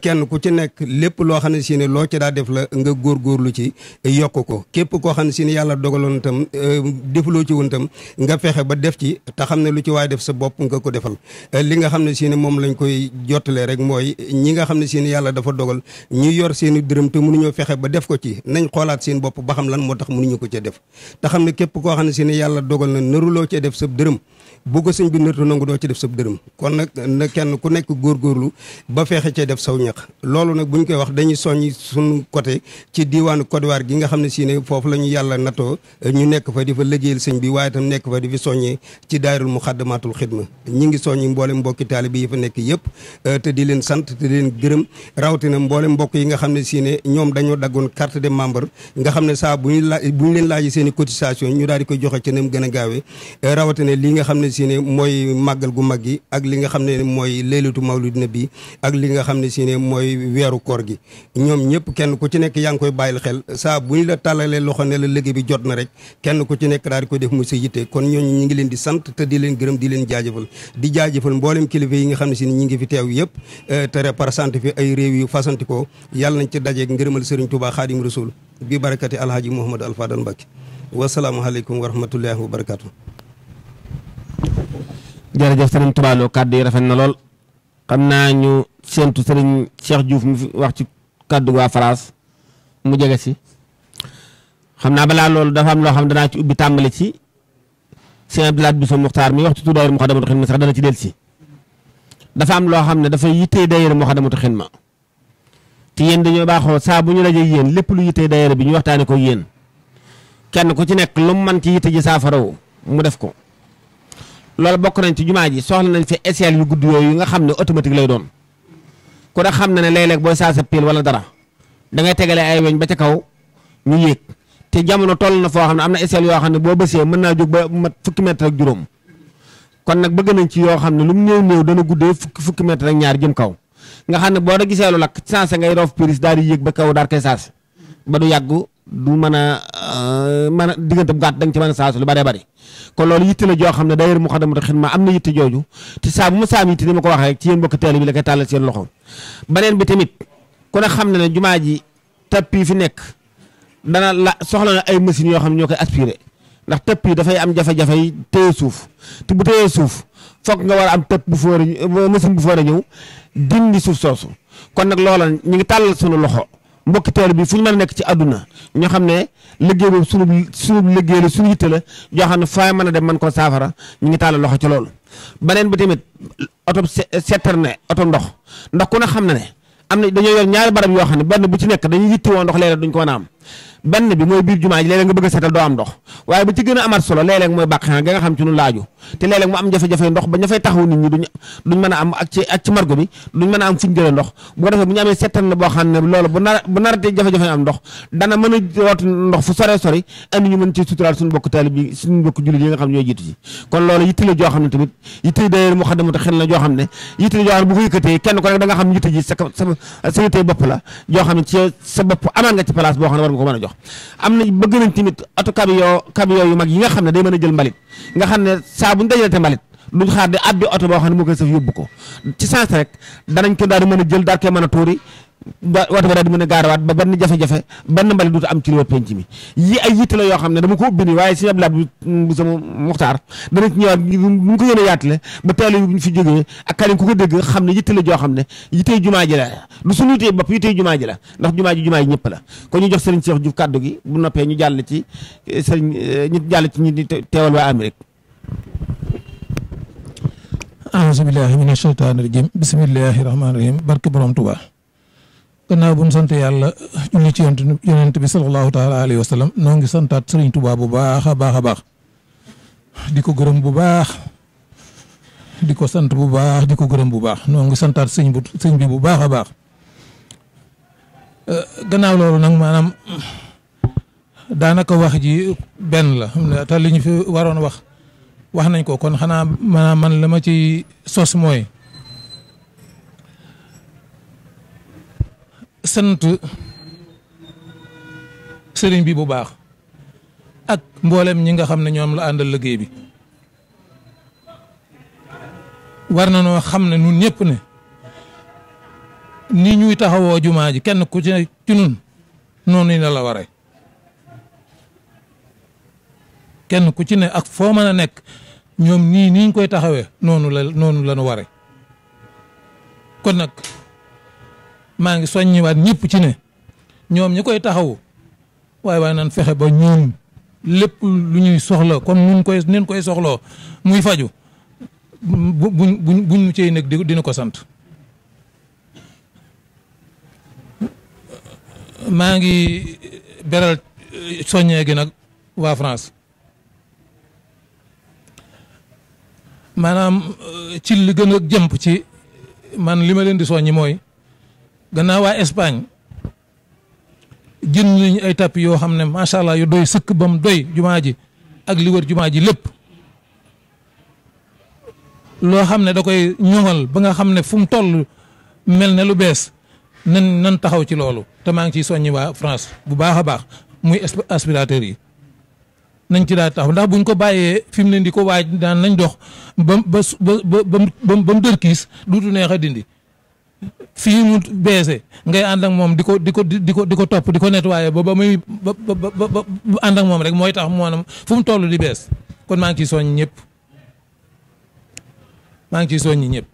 kenn ku ci nekk lépp loo xam ne si ne loo ci daa def la nga góor góor lu ci yokk ko képp koo xam ne si ne yàlla dogaloon tam euh, defuloo ci woon tam nga fexe ba def ci te xam ne lu ci waaye def sa bopp nga ko defal li nga xam ne si ne moom lañ koy jottalee rek mooy ñi nga xam ne si yàlla dafa dogal ñu yor seeni dërëm te mënuñoo fexe ba def ko ci nañ xoolaat seen bopp ba xam lan moo tax mënuñu ko ca def te xam ne képp koo xam ne si ni yàlla dogal na naruloo cee def sab dërëm bu ko sëñ bi nërtu nangu doo ci def sab dërëm kon nag na kenn ku nekk góorgóorlu ba feexe cee def saw ñax loolu nag bu ñu koy wax dañuy soññ suñu côté ci diiwaanu Côte d'Ivoire gi nga xam ne si ne foofu la yàlla natoo ñu nekk fa di fa liggéeyal sëñ bi waaye tam nekk fa di fi soññee ci daayirul muxaddamaatul xidma ñi ngi soññi mboole mbokki taalibe yi fa nekk yëpp euh, te leen sant te di leen gërëm mboole mbokk yi nga xam ne si ne ñoom dañoo daggoon carte de membre nga xam ne saa bu ñu la leen laaj seen i cotisation ñu daal di koy joxe ci mu gën a gaawee euh, rawatina li nga xam xam ne si mooy màggal gu mag gi ak li nga xam ne mooy leelatu na bii ak li nga xam ne si ne mooy weeru koor gi ñoom ñëpp kenn ku ci nekk yaa ngi koy bàyyil xel saa bu ñu la tàllalee loxo ne la liggéey bi jot na rek kenn ku ci nekk daal di koy def mu sa yitte kon ñooñu ñu ngi leen di sant te di leen gërëm di leen jaajëfal di jaajëfal mboolem kilifa yi nga xam ne si ne ñi ngi fi teew yëpp eh, te représenté fi ay réew yu fasantikoo yàlla nañ ci dajeeg ngërëmal sëriñ Tuubaa Xaadim Rasuul bi barakati alhaaji Mouhamadou Alfadal Mbacké wasalaamualeykum wa rahmatullahi wa barakatu jërëjëf sëriñ Tuubaa Lo kàddu yi rafet na lool xam naa ñu séentu sëriñ Cheikh Diouf mu fi wax ci kàddu waa France mu jege si xam naa balaa loolu dafa am loo xam danaa ci ubbi tàmbali ci sëriñ Abdoulaye Bousso Muxtaar mi wax ci daayira Moukhaddamatoul Khidma sax dana ci del si dafa am loo xam ne dafa yittee daayira Moukhaddamatoul Khidma te yéen dañoo baaxoo saa bu ñu dajee yéen lépp lu yittee daayira bi ñu waxtaane ko yéen kenn ku ci nekk lu mu man ci yitte ji saafaraw mu def ko loolu bokk nañ ci jumaa ji soxla nañ fi échelle yu gudd yooyu nga xam ne automatique lay doon ku da xam na ne léeg-léeg booy saa sa wala dara da ngay ay weñ ba ca kaw ñu te jamono toll na foo xam ne am na échelle yoo xam ne boo bësee mën naa jóg ba mat fukki ak juróom kon nag bëgg nañ ci yoo xam ne lu mu néew néew dana guddee fukki fukki mètre ak ñaar jëm kaw nga ne boo da gisee lu lakk saasa ngay roof prise daal di yéeg ba kaw daal koy ba du yàgg du mën a euh, mën a diggante bu gàtt da ci mën a saasu lu bëree bari kon loolu yitte la joo xam ne daayira Muxaddamatul Xidma am na yitte jooju te saa bu ma saa am yitte ni ma ko waxee rek ci yéen bokk teel bi la koy tàllal seen loxo beneen bi tamit ku ne xam na ne jumaa ji tapis fi nekk dana la soxla na ay machines yoo xam ne ñoo koy aspiré ndax tëpp yi dafay am jafe-jafe yi suuf te bu téye suuf foog nga war a am tëpp bu foore machine bu foore ñëw dindi suuf soosu kon nag loola ñu ngi tàllal sunu loxo mbokki teel bi fu ñu mën a nekk ci àdduna ñoo xam ne liggéey boobu sunu sunu liggéey la sunu yitte la yoo xam ne faa man a dem man koo saafara ñu ngi tàllal loxo ci loolu. beneen bi tamit oto citerne oto ndox ndox ku ne xam na ne am na dañoo yor ñaari barab yoo xam ne benn bu ci nekk dañu dañuy woo ndox léeg-léeg duñ ko mën a am benn bi mooy biir jumaa ji léeg-léeg nga bëgg a seetal doo am ndox waaye ba ci gën a amaat solo léeg mooy bàq ga nga xam ci nu laaju te léeg mu am jafe-jafe ndox ba ña xam ne jiitu ci kon loolu yitte la joo xam ne tamit yitte la joo xam ne bu ko yëkkatee kenn ko rek da xam yitte ji sa sa bopp la joo xam ne sa bopp amaan nga ci place boo xam ne war nga ko mën a jox am nañ bëgg nañ tamit atu camion camion yu mag yi nga xam ne day mën a jël mbalit nga xam ne saabu bu ñu dajale te mbalit duñ xaar di àbbi oto boo xam ne moo koy saf yóbbu ko ci sens rek danañ ko daal di mën a jël daal koy mën a tuuri ba wata ba daal di mën a gaarawaat ba benn jafe-jafe benn mbali duutu am ci liwa penc mi yi ay yitte la yoo xam ne dama ko ubbi nii waaye sëñ Abdoulaye bu sama muxtaar dana ci ñëwaat mu ko yéene yaatale ba teelu bu ñu fi jógee ak karim ku ko dégg xam ne yitte la joo xam ne yittey jumaa ji la du suñu yittee bopp yittey jumaa ji la ndax jumaa ji jumaa ji ñëpp la kon ñu jox sëriñ Cheikh Diouf kàddu gi bu noppee ñu jàll ci eh, sëriñ eh, ñu jàll ci ñu teewal waa Amérique aouzu billahi mina shaytaani rajim bismillahi rahmaani rahim barke borom Tuubaa gannaaw bu ñu sant yàlla julli ci yonent bi sallallahu taala alayhi wa sallam noo ngi santaat Serigne tubaa bu baax a baax a baax di ko gërëm bu baax di ko sant bu baax di ko gërëm bu baax noo ngi santaat sëñ bu sëñ bi bu baax a baax euh, gannaaw loolu nag maanaam daanaka wax ji benn la xam ne li ñu fi waroon wax wax nañ ko kon xanaa maanaam man la ma ci sos mooy. sant sëriñ bi bu baax ak mboolem ñi nga xam ne ñoom la àndal liggéey bi war na noo xam ne nun ñépp ne ni ñuy taxawoo jumaa ji kenn ku ci ne noonu la la waree kenn ku ci ne ak foo mën nekk ñoom nii ni koy taxawee noonu la noonu la ñu waree kon nag maa ngi soññiwaat ñëpp ci ne ñoom ñi koy taxaw waaye waa nan fexe ba ñun lépp lu ñuy soxla comme nun koy nen koy soxloo muy faju bu buñ buñ mu cey nag dina ko sant maa ngi beral soññee gi nag waa France maanaam euh, ci li gën a jëmp ci man li ma leen di soññi mooy gannaaw waa Espagne jën nañu ay tàpp yoo xam ne macha allah yu doy sëkk ba mu doy jumaa ji ak li jumaa ji lépp loo xam ne da koy ñoŋal ba nga xam ne fu mu toll mel ne lu bees nan nan taxaw ci loolu te maa ngi ciy soññi waa France bu baax a baax muy aspirateur yi nañ ci daa taxaw ndax buñ ko bàyyee fi mu leen ko waaj daan nañ dox ba ba ba ba mu dërkiis duutu neex a dindi. fii mu beese ngay ànd ak moom di ko di ko di ko di ko topp di ko nettoyé ba ba muy ba ba ba ànd ak moom rek mooy tax maanaam fu mu toll di bees kon maa ngi ciy soññ ñëpp maa ngi ciy soññ ñëpp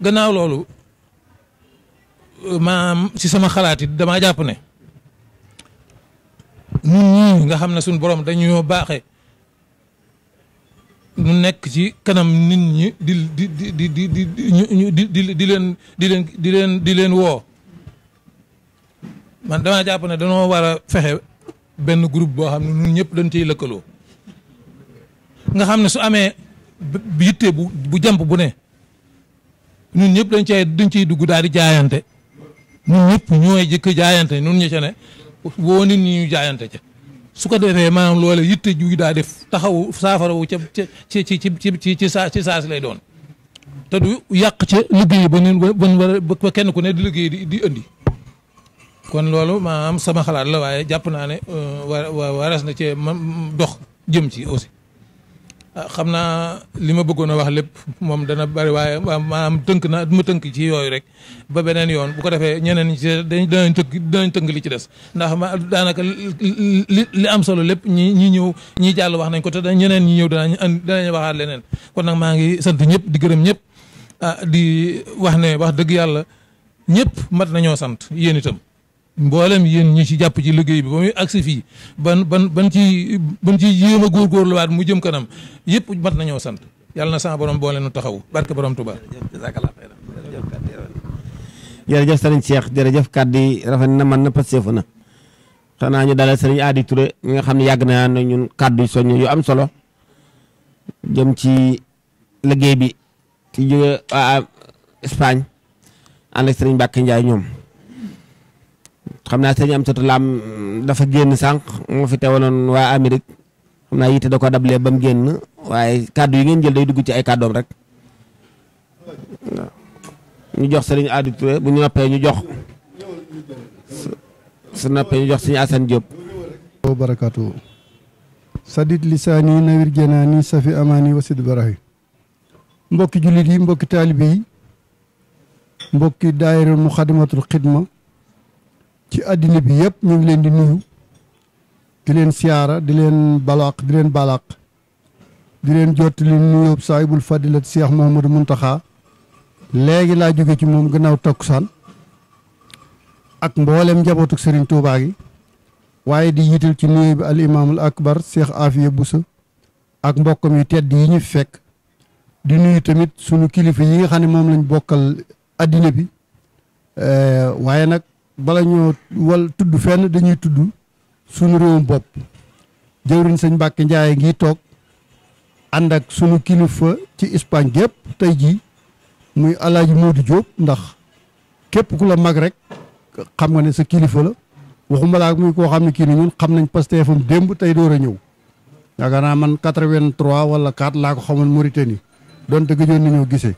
gannaaw loolu maam ci sama xalaat it damaa jàpp ne ñun ñii nga xam ne suñu borom dañoo baaxee mu nekk ci kanam nit ñi di di di leen di leen di leen di leen woo man dama jàpp ne danoo war a fexe benn groupe boo xam ne ñun ñëpp dañ ciy lëkkaloo nga xam ne su amee yitte bu bu jàmp bu ne ñun ñëpp dañ cay dañ ciy dugg daal di jaayante ñun ñëpp ñooy jëkk jaayante ñun ñu ca ne woo nit ñu jaayante ca su ko defee maanaam loolee yitte ju daa def taxawu saafara wu ca ca ci ci ci ci saa ci lay doon te du yàq ca liggéey ba neen ba kenn ku ne di liggéey di di indi kon loolu maanaam sama xalaat la waaye jàpp naa ne euh, wa wa waras na cee dox jëm ci aussi. Ah, xam naa li ma bëggoon a wax lépp moom dana bari waaye maanaam tënk na ma tënk ci yooyu rek ba beneen yoon bu ko defee ñeneen ci danañ tënk danañ tënk li ci des ndax daanaka li li am solo lépp ñi ñi ñëw ñi jàll wax nañ ko te ñeneen ñi ñëw danañ danañ waxaat leneen kon nag maa ngi sant ñëpp di gërëm ñëpp ah, di wax ne wax dëgg yàlla ñëpp mat nañoo sant yéen itam. mboolem yéen ñi ci jàpp ci liggéey bi ba muy agsi fii ban ban ban ci ban ci yéem a góorgóorluwaat mu jëm kanam yëpp mat nañoo sant yàlla na sama borom boole nu taxaw barke borom Tuubaa jërëjëf sëriñ Cheikh jërëjëf kàdd yi rafet na man na pasteefu na xanaa ñu dalal sëriñ Adi Touré mi nga xam ne yàgg na na ñun kàddu soññ yu am solo jëm ci liggéey bi ci jóge ah, Espagne ànd ak sëriñ Mbàkke Njaay ñoom xam naa sëñ am satu laam dafa génn sànq moo fi teewaloon waa Amérique xam naa yitte da ko dablee ba mu génn waaye kàddu yi ngeen jël day dugg ci ay kàddoom rek ñu jox sëriñ Adi bu ñu noppee ñu jox su ñu jox sëriñ Assane Diop wa barakaatu sadit lisaani nawir janaani safi amaani wasid barahi mbokki jullit yi mbokki taalibe yi mbokki daayira muxadamatul xidma ci àddina bi yëpp ñu ngi leen di nuyu di leen siyaara di leen balaq di leen balaq di leen jottali nuyoo saahibul fadilat Cheikh Mouhamadou Mountakha léegi laa jóge ci moom gannaaw takkusaan ak mboolem njabootu Serigne Touba gi waaye di yiital ci nuyoo bi al imaamul akbar Cheikh Afia Bousso ak mbokkam yu tedd yi ñu fekk di nuyu tamit sunu kilifa yi nga xam ne moom lañ bokkal àddina bi eh, waaye nag bala ñoo wal tudd fenn dañuy tudd sunu réewum bopp jëwriñ sëñ Mbàkke Njaay ngi toog ànd ak sunu kilifa ci Espagne gépp tey jii muy alaaj Moodu Jóob ndax képp ku la mag rek xam nga ne sa kilifa la waxuma laa muy koo xam ne kii ni ñun xam nañ pasteefam démb tey door a ñëw yaakaar naa man 83 wala 4 laa ko xamoon Mauritanie donte gëjoon nañoo gisee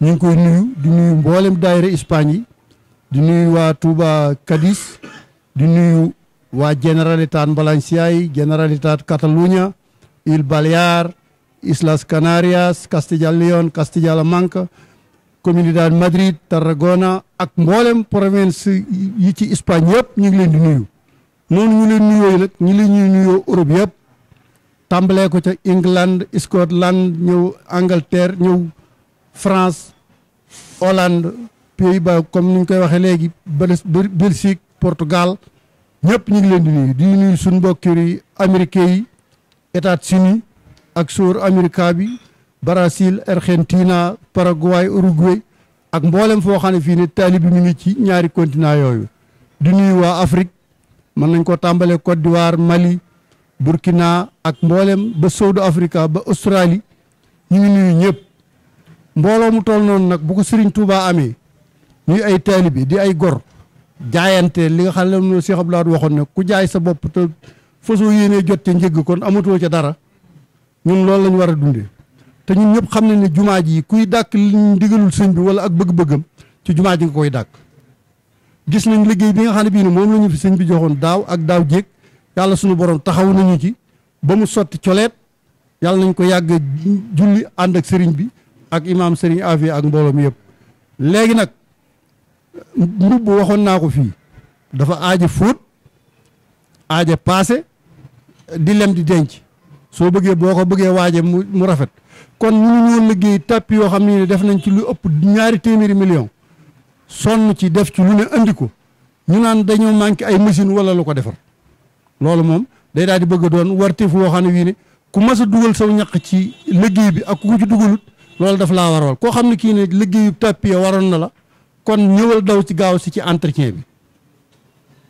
ñu ngi koy nuyu di nuyu mboolem daayira Espagne yi di nuyu waa Touba Cadiz di nuyu waa Generalitat Valencia yi Generalitat Catalunya Îles Balears Islas Canarias Castilla León Castilla La Manca Comunidad Madrid Tarragona ak mboolem province yi ci Espagne yëpp ñu ngi leen di nuyu noonu ñu leen nuyoo nag ñi leen ñuy nuyoo Europe yëpp tàmbalee ko ca England Scotland ñëw Angleterre ñëw France Hollande Pays-Bas comme ni ñu koy waxee léegi Belgique Portugal ñëpp ñu ngi leen di nuyu di nuyu suñu mbokki yi américains yi États-Unis ak suur Amérique bi Brésil Argentina paraguwaay Uruguay ak mboolem foo xam ne fii ne taalib bi mu ngi ci ñaari continent yooyu di nuyu waa Afrique mën nañ ko tàmbalee Côte d'Ivoire Mali Burkina ak mboolem ba Sud Afrique ba Australie ñu ngi nuyu ñëpp mbooloo mu toll noonu nag bu ko Serigne Touba amee ñuy ay taalibe di ay gor jaayante li nga xam ne moom Cheikh laa waxoon ne ku jaay sa bopp te fasoo yéenee jot ca njëgg kon amatoo ca dara ñun loolu la war a dundee te ñun ñëpp xam ne ne jumaa ji kuy dàq liñ digalul sëñ bi wala ak bëgg-bëggam ci jumaa ji nga koy dàkk gis nañ liggéey bi nga xam ne bii ne moom la fi sëñ bi joxoon daaw ak daaw jéeg yàlla suñu borom taxaw nañu ci ba mu sotti coleet yàlla nañ ko yàgg julli ànd ak sëriñ bi ak imaam sëriñ Afia ak mbooloom yëpp léegi nag mbubb waxoon naa ko fii dafa aaja fóot aaja paase di lem di denc soo bëggee boo ko bëggee waaje mu mu rafet kon ñu ngi ñoo liggéey tàpp yoo xam ne def nañ ci lu ëpp ñaari téeméeri million sonn ci def ci lu ne andi ko ñu naan dañoo manqué ay machine wala lu ko defar loolu moom day daal di bëgg a doon warteef woo xam ne wii ne ku mas a dugal saw ñaq ci liggéey bi ak ku ko ci dugalut loolu daf laa waral koo xam ne kii ne liggéeyu tàpp ya waroon na la kon ñëwal daw ci gaaw si ci entretien bi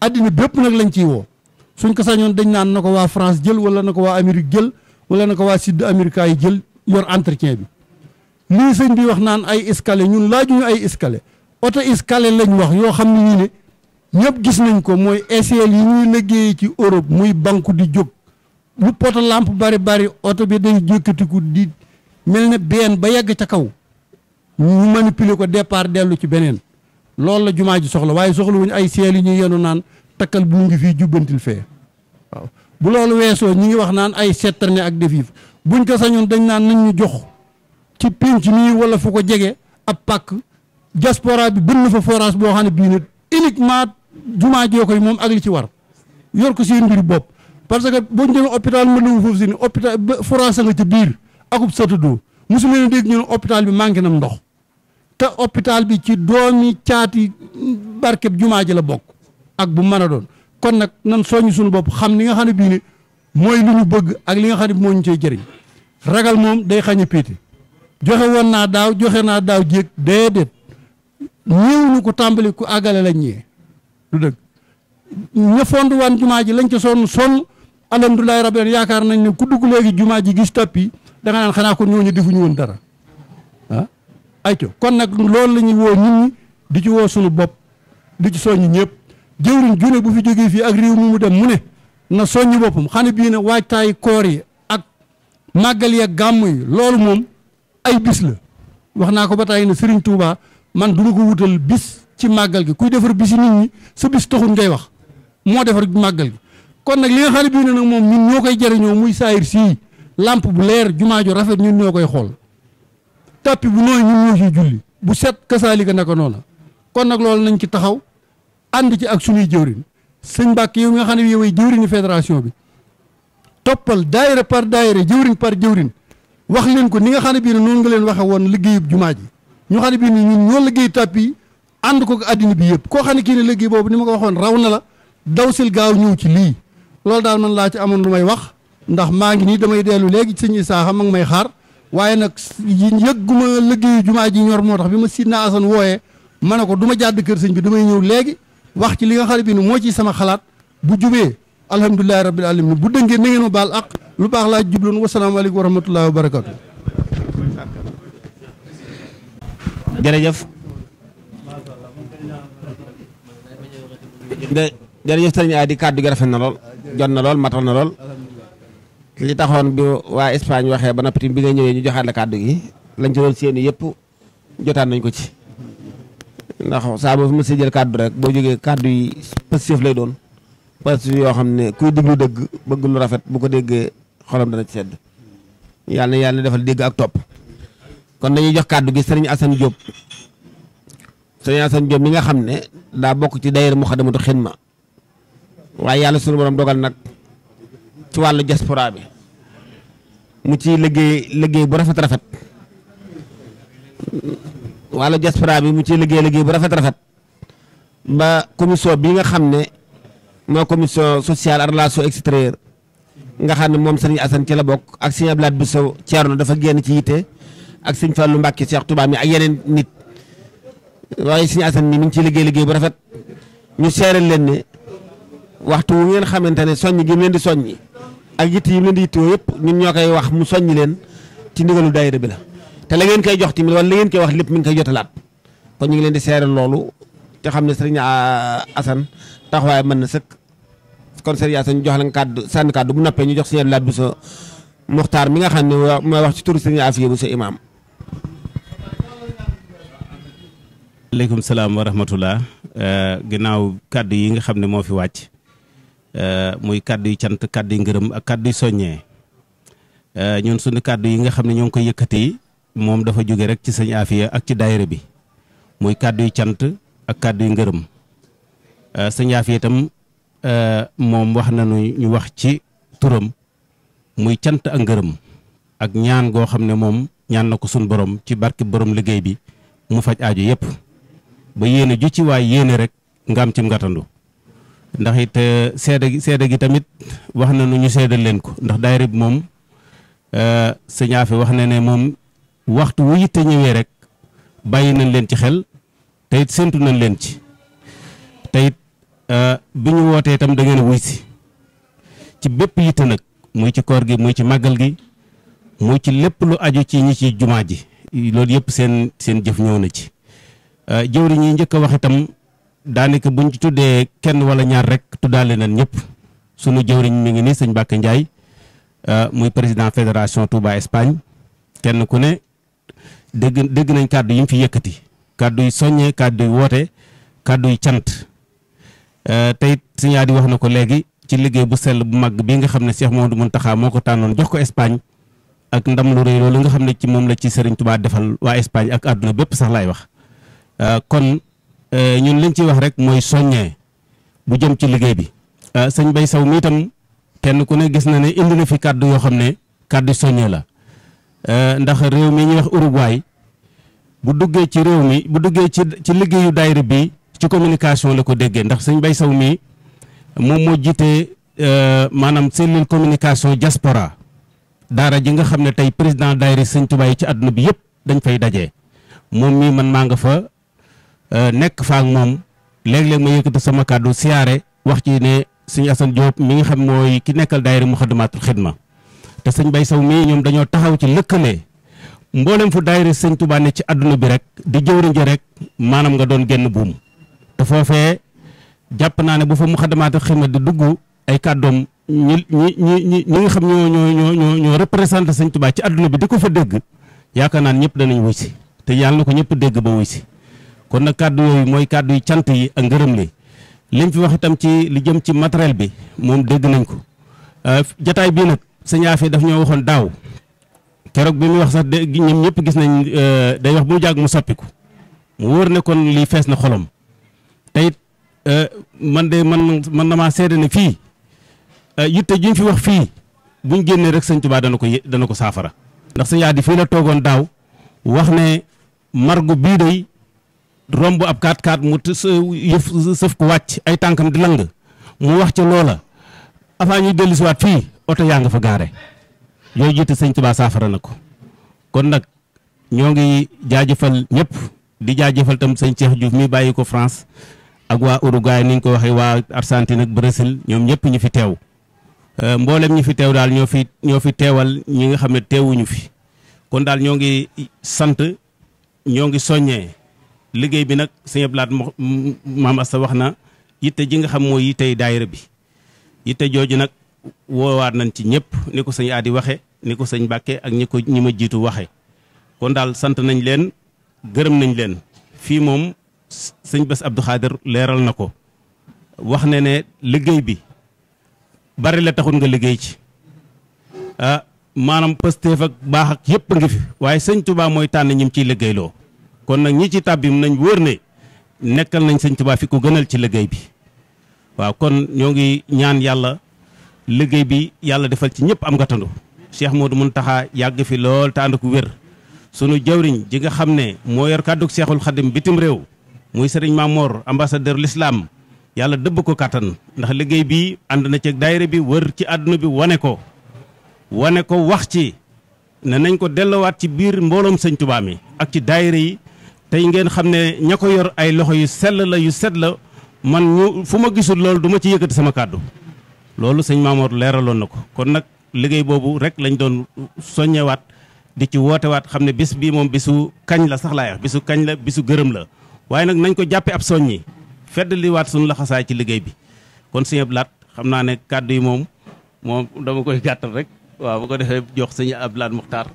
àddina bépp nag lañ ciy woo suñ ko sañoon dañ naan na ko waa France jël wala na ko waa Amérique jël wala na ko waa sidd Amérique yi jël yor entretien bi lii sëñ bi wax naan ay escalier ñun laajuñu ay escalier oto escalier lañ wax yoo xam ne ñu ne ñëpp gis nañ ko mooy SL yi ñuy liggéeyee ci Europe muy banque di jóg lu poto lampe bari bari oto bi day jékkatiku di mel ne benn ba yegg ca kaw ñu manipuler ko départ dellu ci beneen loolu la jumaa ji soxla waaye soxla wuñu ay seel yi ñuy yenu naan takkal bu ngi fii jubbantil fee waaw bu loolu weesoo ñi ngi wax naan ay setterne ak defif buñ ko sañoon dañ naan nañ jox ci pinc mii wala fu ko jege ab pàkk diaspora bi bënn fa forage boo xam ne bii nag uniquement jumaa jee koy moom ak li ci war yor ko seen mbir bopp parce que boo ñu demee hôpital ma limu foofu si ni hôpital forage nga ci biir akub satadoo mosu leen dégg ñu ne hôpital bi manqué nam ndox te hôpital bi ci doomi caati barkeb jumaa ji la bokk ak bu mën doon kon nag nan soññ suñu bopp xam li nga xam ne bii ne mooy lu ñu bëgg ak li nga xam ne moo ñu cee jëriñ ragal moom day xañ a joxe woon naa daaw joxe naa daaw jéeg déedéet ñëw ñu ko tàmbali ku àggale lañ ñee du dëgg ña fond waan jumaa ji lañ ca sonn sonn alhamdulilahi rabbil yaakaar nañ ne ku dugg léegi jumaa ji gis tappi da nga naan xanaa ko ñooñu defuñu woon dara ay ayca kon nag loolu la ñuy woo nit ñi di ci woo sunu bopp di ci soññ ñëpp jëwriñ june bu fi jógee fii ak réew mi mu dem mu ne na soññ boppam xane ne bii ne waajtaayu koor yi ak màggal yi ak gàmm yi loolu moom ay bis la wax naa ko ba tàyyi na Serigne Touba man du ma ko wutal bis ci màggal gi kuy defar bisi nit ñi sa bis taxul ngay wax moo defar màggal gi kon nag li nga xam ne bii ne nag moom ñun ñoo koy jëriñoo muy saayir sii lamp bu leer jumaa ju rafet ñun ñoo koy xool tàppi bu nooy ñun ñoo ciy julli bu set kasaalika naka noona kon nag loolu nañ ci taxaw ànd ci ak suñuy jëwrin sëñ Mbàkke yow nga xam ne yow ay jëwrini fédération bi toppal daayira par daayira jëwrin par jëwrin wax leen ko ni nga xam ne bii ne noonu nga leen waxe woon liggéeyub jumaa ji ñu xam ne bii ni ñun ñoo liggéey tàpp yi ànd ko àddina bi yëpp koo xam ne kii ne liggéey boobu ni ma ko waxoon raw na la daw sil gaaw ñëw ci lii loolu daal man laa ci amoon lu may wax ndax maa ngi nii damay dellu léegi sëñ Isaaxa ma ngi may xaar waaye nag yëgguma liggéeyu jumaa ji ñor moo tax bi ma sidna asan wooyee ma ne ko duma jàdd kër sëñ bi damay ñëw léegi wax ci li nga xam ne moo ci sama xalaat bu jubee alhamdulilahi rabbil alamin bu dëngee na ma baal ak lu baax laa jubloon wasalaamaaleykum wa rahmatullahi wa barakatu jërëjëf jërëjëf sëriñ Adi kàddu gi rafet na lool jot na lool matal na lool li taxoon bi waa Espagne waxee ba noppi bi nga ñëwee ñu joxaat la kàddu gi lañ ci doon seeni yëpp jotaan nañ ko ci ndax saa boo fi ma si kàddu rek boo jógee kàddu yi positif lay doon positif yoo xam ne kuy déglu dëgg bëgg lu rafet bu ko déggee xolam dana ci sedd yàlla yàlla defal dégg ak topp kon dañuy jox kàddu gi sëriñ Assane Diop sëriñ Assane Diop mi nga xam ne daa bokk ci daayira Moukhaddamatoul Khidma waaye yàlla sunu borom dogal nag ci wàllu diaspora bi mu ci liggéey liggéey bu rafet rafet wàllu diaspora bi mu ci liggéey liggéey bu rafet rafet ba commission bi nga xam ne moo commission sociale relation extérieure nga xam ne moom sëriñ Assane ci la bokk ak bi Abdoulaye Bissou Thierno dafa génn ci yitte ak fa lu Mbacke Cheikh Touba mi ak yeneen nit waaye sëriñ Assane mi mi ngi ciy liggéey liggéey bu rafet ñu seere leen ne waxtu wu ngeen xamante ne soññ gi mu leen di soññi. ak yitt yi mu leen di yittewoo yëpp ñun ñoo koy wax mu soññ leen ci ndigalu daayira bi la te la ngeen koy jox tamit wala la ngeen koy wax lépp mu ngi koy jotalaat kon ñu ngi leen di seere loolu te xam ne sëriñ ah, Assane taxawaay mën na sëkk kon sëriñ jox la kàddu sànni kàddu bu noppee ñu jox sëriñ Abdou Lahad sa Muxtaar mi nga xam ne mooy wax ci turu sëriñ Afiya Bousso imaam aleykum salaam wa rahmatullah euh, ginnaaw kàddu yi nga xam ne moo fi wàcc Eh, muy kàddu yu cant kàddu yu ngërëm ak kàddu yu soññee eh, ñun suñu kàddu yi nga xam ne ñoo ngi koy yëkkati moom dafa jóge rek ci sëñ Afia ak ci daayira bi muy kàddu yu cant ak kàddu yu ngërëm eh, sëñ Afia itam moom wax nañu ñu wax ci turam muy cant ak ngërëm ak ñaan goo xam ne moom ñaan na ko suñu borom ci barke borom liggéey bi mu faj aajo yëpp ba yéene ju ci waay yéene rek nga am ci ngatandu ndax it euh, seede gi seede gi tamit wax na nu ñu seedal leen ko ndax daayira bi moom euh, sëñ Afe wax na ne moom waxtu wu yitte ñëwee rek bàyyi nañ leen ci xel te it séntu nañ leen ci te it euh, bi ñu wootee itam da ngeen wuy si ci bépp yitte nag muy ci koor gi muy ci màggal gi muy ci lépp lu aju ci ñi ci jumaa ji loolu yëpp seen seen jëf ñëw na ci jëwri ñi njëkk a wax itam daanaka buñ ci tuddee kenn wala ñaar rek tuddaale nañ ñëpp sunu jëwriñ mi ngi nii sëñ Mbacke Ndiaye euh, muy président fédération Touba Espagne kenn ku ne dégg dégg nañ kàddu yi mu fi yëkkati kàddu yu soññee kàddu woote kàddu yu cant euh, tey sëñ di wax na ko léegi ci liggéey bu sell bu mag bi nga xam ne Cheikh Mouhamadou Mountakha moo ko tànnoon jox ko Espagne ak ndam lu rëy loolu nga xam ne ci moom la ci Serigne tubaa defal waa Espagne ak àdduna bépp sax laay wax euh, Euh, ñun liñ ciy wax rek mooy soññee bu jëm ci liggéey bi euh, sëñ Bay Saw mi itam kenn ku ne gis na ne indi na fi kàddu yoo xam ne kàddu soññee la euh, ndax réew mi ñuy wax Uruguay bu duggee ci réew mi bu duggee ci ci liggéeyu daayira bi ci communication la ko déggee ndax sëñ Bay Saw mi moom moo jiite maanaam cellule communication diaspora daara ji nga xam ne tey président daayira sëñ Tuubaa ci àdduna bi yëpp dañ fay daje moom mii man maa nga fa Euh, nekk fa ak moom léeg-léeg ma yëkkati sama kàddu siyaare wax ci ne sëñ Assane Diop mu ngi xam mooy ki nekkal daayira Muxaddamaatul Xidma te sëñ Bay Saw mii ñoom dañoo taxaw ci lëkkale mboolem fu daayira sëñ Tuubaa ne ci àdduna bi rek di jëwriñ ji rek maanaam nga doon génn buum te foofee jàpp naa ne bu fa Muxaddamaatul Xidma di dugg ay kàddoom ñi ñi ñi ñi nga xam ñoo ñoo ñoo ñoo ñoo représenté sëñ Tuubaa ci àdduna bi di ko fa dégg yaakaar naan ñëpp danañ wuy si te yàlla na ko ñëpp dégg ba si kon nag kàddu yooyu mooy kàddu yi cant yi ak ngërëm li liñ fi wax itam ci li jëm ci matériel bi moom dégg nañ ko euh, jataay bii nag sañaa Afia daf ñoo waxoon daaw keroog bi muy wax sax de ñoom ñëpp gis nañ euh, day wax bu mu jàgg mu soppiku mu wóor ne kon lii fees na xolom te it euh, man de man man damaa seede ne fii yitte juñ fi wax fii buñ génnee rek sëñ Tuubaa dana ko dana ko saafara. ndax sëñ di fii la toogoon daaw wax ne margu bii day romb ab kaat kaat mu yëf sëf ko wàcc ay tànkam di lang mu wax ca loola avant ñuy dellusiwaat fii oto yaa nga fa gaare yooyu jiite sëñ Tuubaa saafara na ko kon nag ñoo ngi jaajëfal ñëpp di jaajëfal tam sëñ Cheikh Diouf mi bàyyi ko France ak waa Uruguay ni ñu ko waxee waa Argentine ak Brésil ñoom ñëpp ñu fi teew euh, mboolem ñi fi teew daal ñoo fi ñoo fi teewal ñi nga xam ne teewuñu fi kon daal ñoo ngi sant ñoo ngi soññee liggéey bi nag sëñ Abdou Lahad maam Asta wax na yitte ji nga xam mooy yittey daayira bi yitte jooju nag woowaat nañ ci ñëpp ni ko sëñ Aadi waxe ni ko sañ Bàkke ak ñi ko ñi ma jiitu waxe kon daal sant nañ leen gërëm nañ leen fii moom sëñ Bass Abdou leeral na ko wax ne ne liggéey bi bari la taxul nga liggéey ci ah maanaam pësteef ak baax ak yëpp a ngi fi waaye sëñ Touba mooy tànn ñim ciy liggéeyloo kon nag ñi ci tàbbim nañ wóor ne nekkal nañ sañ Tuubaa fi ko gënal ci liggéey bi waaw kon ñoo ngi ñaan yàlla liggéey bi yàlla defal ci ñëpp am nga tandu Cheikh mun Mountakha yàgg fi lool te ànd ko wér sunu jëwriñ ji nga xam ne moo yor kàddu Seexul Xadim bitim réew muy sëriñ Mamor ambassadeur l'islam yàlla dëbb ko kàttan ndax liggéey bi ànd na ci daayira bi wër ci àdduna bi wane ko wane ko wax ci ne nañ ko dellowaat ci biir mbooloom sëñ Tuubaa mi yi tey ngeen xam ne ña ko yor ay loxo yu sell la yu set la man ñu fu ma gisul loolu duma ci yëkkati sama kàddu loolu sëñ Maamoor leeraloon na ko kon nag liggéey boobu rek lañ doon soññewaat di ci wootewaat xam ne bis bii moom bisu kañ la sax laay wax bisu kañ la bisu gërëm la waaye nag nañ ko jàppe ab soññi fedd li waat suñu laxasaay ci liggéey bi kon sëñ Laat xam naa ne kàddu yi moom moom dama koy gàttal rek waaw bu ko defee jox sëñ Abdoulaye Muxtaar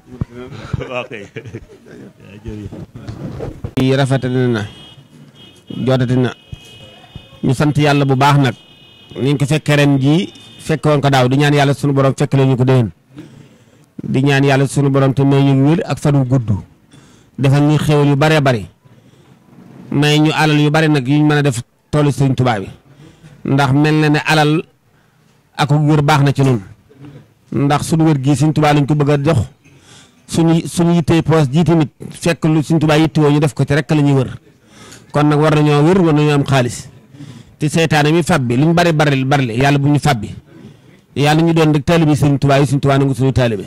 waaw (laughs) kay na jootati na ñu sant yàlla bu baax nag niñ ko fekkee ren jii fekk ko daaw di ñaan yàlla sunu borom fekk leen ñu ko déwén di ñaan yàlla sunu borom te may ñu wér ak fanu gudd defal ñu xéwal yu bare bari may ñu alal yu bari nag yuñ mën a def toolu sëñ tubaab yi ndax mel na ne alal ak wér baax na ci noonu ndax suñu wér gii Sëñ Tuubaa lañ ko bëgg a jox suñu suñu yittee poos ji tamit fekk lu Sëñ Tuubaa yittewoo ñu def ko ci rek la ñuy wër kon nag war nañoo wër war nañoo am xaalis te seytaane mi fab bi lu ñu bari bari bari yàlla bu ñu fab bi yàlla ñu doon rek taalibe Sëñ Tuubaa yi Sëñ Tuubaa nangu suñu taalibe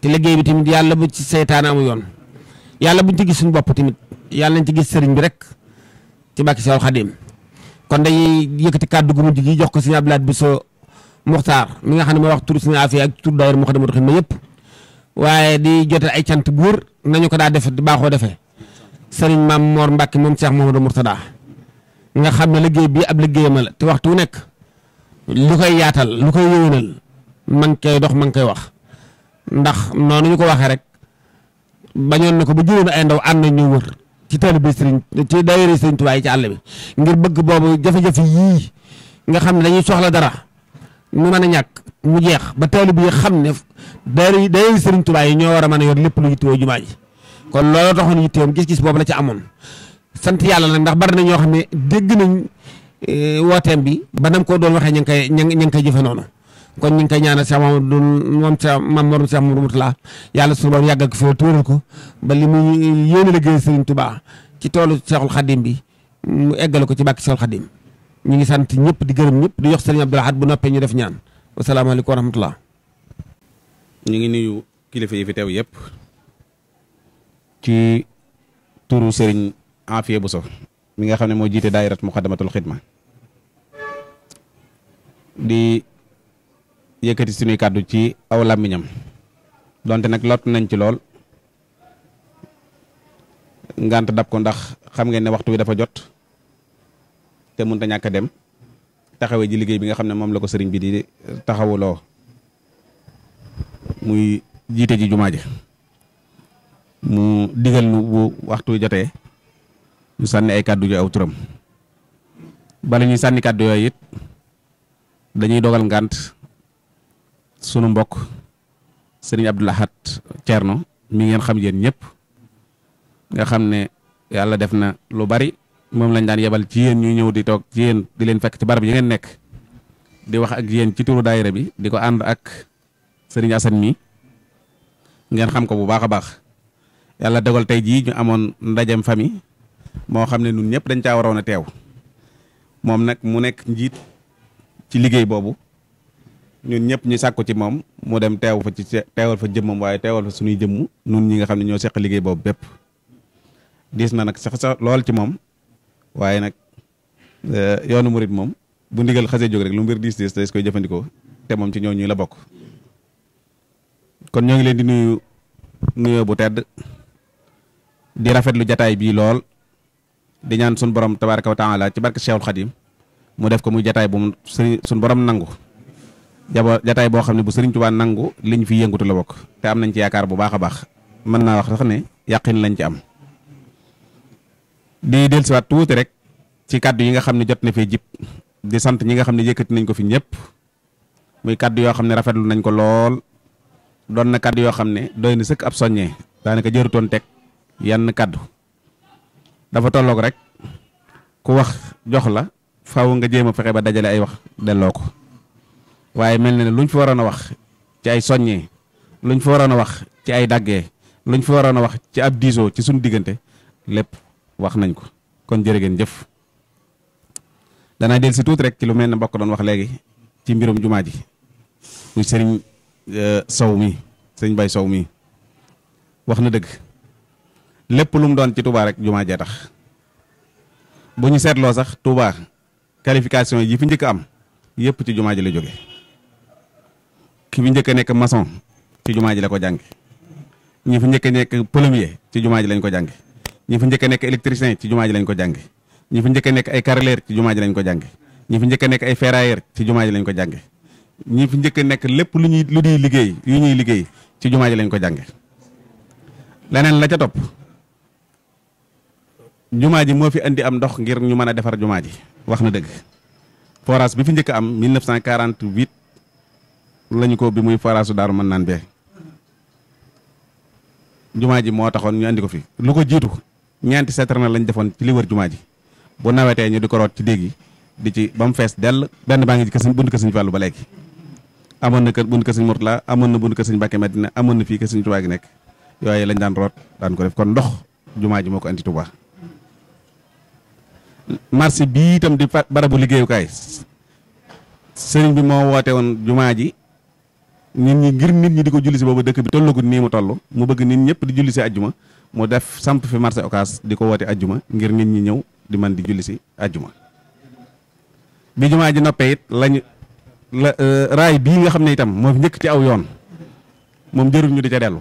te liggéey bi tamit yàlla bu ci seytaane amu yoon yàlla buñ ci gis suñu bopp tamit yàlla nañ ci gis sëriñ bi rek ci bàkki Seex Xaadim kon dañuy yëkkati Muxtaar mi nga xam ne mooy wax turu Sëriñ Afiya ak tur daayira Moukhaddamatoul Khidma yëpp waaye di jote ay cant buur nañu ko daa defe di baaxoo defee sëriñ maam Mor Mbacke moom Cheikh Mouhamadou Mourtada nga xam ne liggéey bii ab liggéeyam la te waxtu wu nekk lu koy yaatal lu koy yëwénal ma koy dox ma ngi koy wax ndax noonu ñu ko waxee rek bañoon na ko ba juróomi ay ndaw ànd na ñu wër ci taalibe sëriñ ci daayira sëriñ Tuubaa yi ci àll bi ngir bëgg boobu jafe xam ne dañuy soxla dara mu mën a ñàkk mu jeex ba taalibe yi xam ne daayira daayira Sëriñ Tuubaa yi ñoo war a mën a yor lépp lu yittewoo jumaa ji kon looloo taxoon yittewoon gis-gis boobu la ci amoon sant yàlla la ndax bari na ñoo xam ne dégg nañ e, wooteem bi ba nam ko doon waxee ñu ngi koy ñu ngi koy jëfe noonu kon ñu ngi koy ñaanal Cheikh Mamadou moom Cheikh Mame Mor Cheikh Mamadou Mourtala yàlla suñu borom yàggal ko fi tuural ko ba li muy yéene liggéey Sëriñ tubaa ci toolu Cheikhul Khadim bi mu eggale ko ci bàkki Cheikhul Khadim ñu ngi sant ñëpp di gërëm ñëpp di jox sëriñ Abdou Lahad bu noppee ñu def ñaan wasalaamaaleykum wa ñu ngi nuyu kilifa yi fi teew yëpp ci turu sëriñ bu so mi nga xam ne moo jiite daayirat muqaddamatul xidma di yëkkati suñuy kàddu ci aw làmmiñam donte nag lot nañ ci lool ngante dab ko ndax xam ngeen ne waxtu wi dafa jot te mënut a ñàkk a dem taxawee ji liggéey bi nga xam ne moom la ko sëriñ bi di taxawuloo muy jiite ji jumaa ji mu digal nu bu waxtu jotee ñu sànni ay kàddu yu aw turam bala ñuy sànni kàddu yooyu it dañuy dogal ngant sunu mbokk sëriñ Abdou Lahad Thierno mi ngeen xam yéen ñëpp nga xam ne yàlla def na lu bari moom lañ daan yebal ci yéen ñuy ñëw di toog ci yéen di leen fekk ci barab yi ngeen nekk di wax ak yéen ci turu daayira bi di ko ànd ak sëriñ Assane mi ngeen xam ko bu baax a baax yàlla dogal tey jii ñu amoon ndajem famille moo xam ne ñun ñëpp dañ caa waroon a teew moom nag mu nekk njiit ci liggéey boobu ñun ñëpp ñu sàkku ci moom mu dem teew fa ci teewal fa jëmmam waaye teewal fa suñuy jëmmu nun ñi nga xam ne ñoo seq liggéey boobu bépp diis na nag sax sax lool ci moom waaye nag eh, yoonu murit moom bu ndigal xasee jóg rek lu mbir diis diis des koy jëfandikoo te moom ci ñoo ñuy la bokk kon ñoo ngi leen di nuyu nuyoo bu tedd di rafetlu jataay bii lool di ñaan sun borom tabaraka wa taala ci barke Cheikhul Khadim mu def ko muy jataay bu mu sëriñ sun borom nangu jaboo jataay boo xam ne bu sëriñ Tuubaa nangu liñ fi yëngutu la bokk te am nañ ci yaakaar bu baax a baax mën naa wax sax ne yàqin lañ ci am di dellusiwaat tuuti rek ci kàddu yi nga xam ne jot na fee jib di sant ñi nga xam ne yëkkati nañ ko fi ñëpp muy kàddu yoo xam ne rafetlu nañ ko lool doon na kàddu yoo xam ne doy na sëkk ab soññee daanaka jërutoon teg yenn kàddu dafa tollook rek ku wax jox la faaw nga jéem a fexe ba dajale ay wax delloo ko waaye mel na ne luñ fi waroon a wax ci ay soññee luñ fi waroon a wax ci ay daggee luñ fi waroon a wax ci ab diisoo ci suñu diggante lépp. wax nañ ko kon jërë ngeen jëf danaa del si tuuti rek ci lu mel ne mbokk doon wax léegi ci mbirum jumaa ji muy sëriñ euh, sow mi sëriñ bay sow mi wax na dëgg lépp lu mu doon ci Touba rek jumaa jee tax bu ñu seetloo sax Touba qualification yi fi njëkk am yëpp ci jumaa ji la jóge ki fi njëkk a nekk maçon ci jumaa ji la ko jànge ñi fi njëkk a nekk plombier ci jumaa ji lañ ko jànge ñi fi njëkk a nekk électricien ci jumaa ji lañ ko jànge ñi fi njëkk nekk ay carreleur ci jumaa ji lañ ko jànge ñi fi njëkk nekk ay ferrailleur ci jumaa ji lañ ko jànge ñi fi njëkk a nekk lépp lu ñuy lu ñuy liggéey yu ñuy liggéey ci jumaa ji lañ ko jànge leneen la ca topp jumaa ji moo fi andi am ndox ngir ñu mën a defar jumaa ji wax na dëgg forage bi fi njëkk am 1948 lañu ko bi muy forage su daaru mën naan bee jumaa ji moo taxoon ñu andi ko fi lu ko jiitu ñeenti na lañu defoon ci li wër jumaa ji bu nawetee ñu di ko root ci déeg yi di ci ba mu fees dell benn baa ngi ci kër sëñ bunt kër ba léegi amoon na kër bunt kër sëñ Mourtala amoon na bunt kër sëñ Mbacke Madina amoon na fii kër sëñ Touba gi nekk yooyu lañ daan root daan ko def kon ndox jumaa ji moo ko andi Touba marché bii itam di barabu liggéeyukaay sëriñ bi moo woote woon jumaa ji nit ñi ngir nit ñi di ko julli si boobu dëkk bi ko nii mu toll mu bëgg nit ñëpp di julli si ajjuma mu def samp fi marché okaas di ko woote ajjuma ngir nit ñi ñëw di man di julli si ajjuma bi jumaa ji noppee it lañu la euh, raay bii nga xam ne itam moo njëkk ci aw yoon moom jërul ñu di ca dellu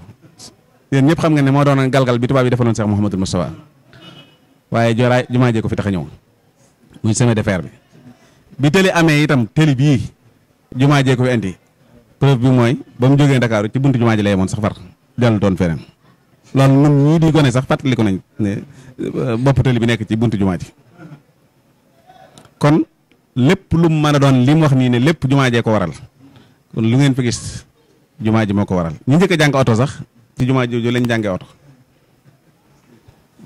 yéen ñëpp xam nga ne moo doon a galgal bi tubaab yi defaloon Cheikh Mouhamadul Moustapha waaye joraay jumaa jee ko fi tax a ñëw muy chemin de bi bi tëli amee itam tëli bii jumaa jee ko fi indi preuve bi mooy ba mu jógee Ndakaaru ci buntu jumaa ji la yemoon sax doon feneen loolu ñun ñii di gone sax fàttali nañ ne euh, bopp tali bi nekk ci buntu jumaa ji kon lépp lum mu mën a doon li mu wax nii ne lépp jumaa jee ko waral kon lu ngeen fi gis jumaa ji moo ko waral ñu njëkk a oto sax ci jumaa jooju lañ jàngee oto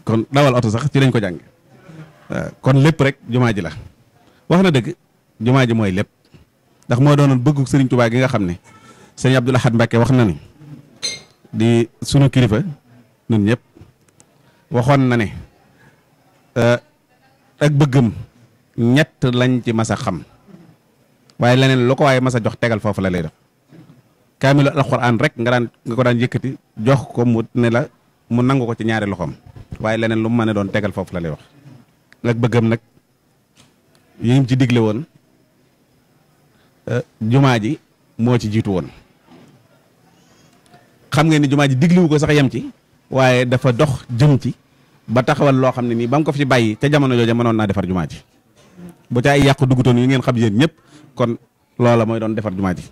kon dawal oto sax ci lañ ko jàngee euh, kon lépp rek jumaa ji la wax na dëgg jumaa ji mooy lépp ndax moo doonoon bëggu Serigne Touba gi nga xam ne Serigne Abdoul Ahad Mbacké wax na ni di sunu kilifa. nun ñëpp waxoon na ne euh, ak bëggam ñett lañ ci mas a xam waaye leneen lu ko waaye mas a jox tegal foofu la lay def kaamilu alxuraan rek nga daan nga ko daan yëkkati jox ko mu ne la mu nangu ko ci ñaari loxoom waaye leneen lu mu mën a doon tegal foofu la lay wax ak bëggam nag yi mu ci digle woon euh, jumaa ji moo ci jiitu woon xam ngeen ni jumaa ji digliwu ko sax yem ci waaye dafa dox jëm ci ba taxawal loo xam ne nii ba mu ko fi bàyyi te jamono jooja mënoon naa defar jumaa ji bu ca ay yàqu dugutoon yu ngeen xam yéen ñëpp kon loola mooy doon defar jumaa ji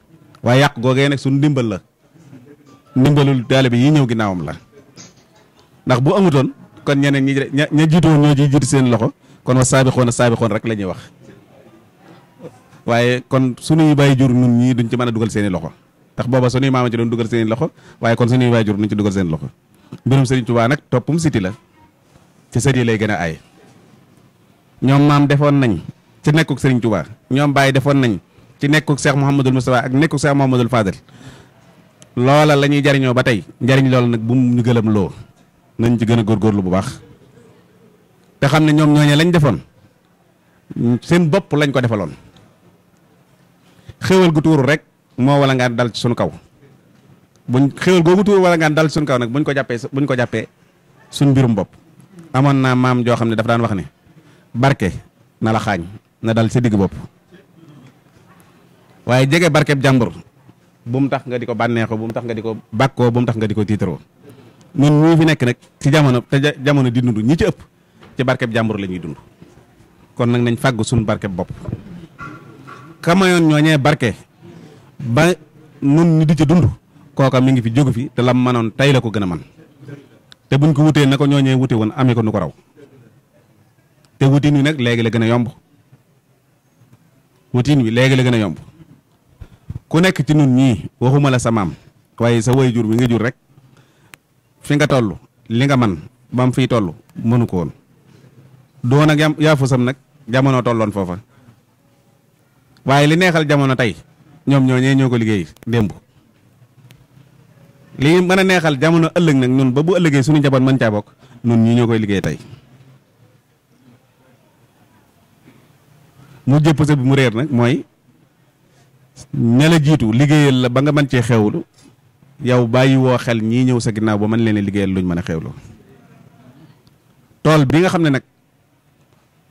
waaye yàq googee nag suñu ndimbal la ndimbalul taalibe yi ñëw ginnaawam la ndax bu amutoon kon ñeneen ñi ña ña jiitoon ñoo ci seen loxo kon wa saabixoon a saabixoon la ñuy wax waaye kon suñuy bàyyi jur ñun ñii duñ ci man a dugal seen i loxo ndax booba suñuy maama ci doon dugal seen loxo waaye kon suñuy bàyyi jur duñ ci dugal seen loxo mbirum sëriñ tubaa nag toppum siti la ci sët lay gën a aay ñoom maam defoon nañ ci nekkuk sëriñ tubaa ñoom bàyyi defoon nañ ci nekkuk seex muhammadul mustafaa ak nekkuk seex muhammadul faadil loola lañuy jariñoo ba tey njariñ loola nag bu mu ñu gëlëm loo nañ ci gën a góor góorlu bu baax te xam ne ñoom ñooñee lañ defoon seen bopp lañ ko defaloon xéwal gu tuuru rek moo wala ngaa dal ci sunu kaw buñ xéwal googu tuur wala ngaan dal suñ kaw nag buñ ko jàppee buñ ko jàppee suñ mbirum bopp amoon naa maam joo xam ne dafa daan wax ne barke na na dal sa digg bopp waaye jege barkeb jàmbur bu mu tax nga di ko bànneexoo bu mu tax nga di ko bàkkoo bu mu tax nga di ko tiitaroo ñun ñii fi nekk nag ci jamono te jamono di dund ñi ci ëpp ci barkeb jàmbur la ñuy dund kon nag nañ fàgg suñ barkeb bopp kamayoon ñooñee barke ba nun ñu di ci dund kooka mi ngi fi jógu fi te lam manoon tey la ko gën a man te buñ ko wutee na ko ñooñee wute woon amee ko nu ko raw te wutin wi nag léegi la gën a yomb wutin wi léegi la gën a yomb ku nekk ci nun ñii waxuma la sa maam waaye sa way jur wi nga jur rek fi nga toll li nga man bam fiy toll mënu ko woon doon ak yaa fusam nag jamono tolloon foofa waaye li neexal jamono tey ñoom ñoo ñee ñoo ko liggéey démb lii mën a neexal jamono ëllëg nag ñun ba bu ëllëgee suñu njaboot mën caa bokk ñun ñi ñoo koy liggéey tey mu jëpp sa bi mu réer nag mooy ña jiitu liggéeyal la ba nga mën cee xewlu yow bàyyi woo xel ñii ñëw sa ginnaaw ba mën leen liggéeyal luñ mën a xewlu tool bi nga xam ne nag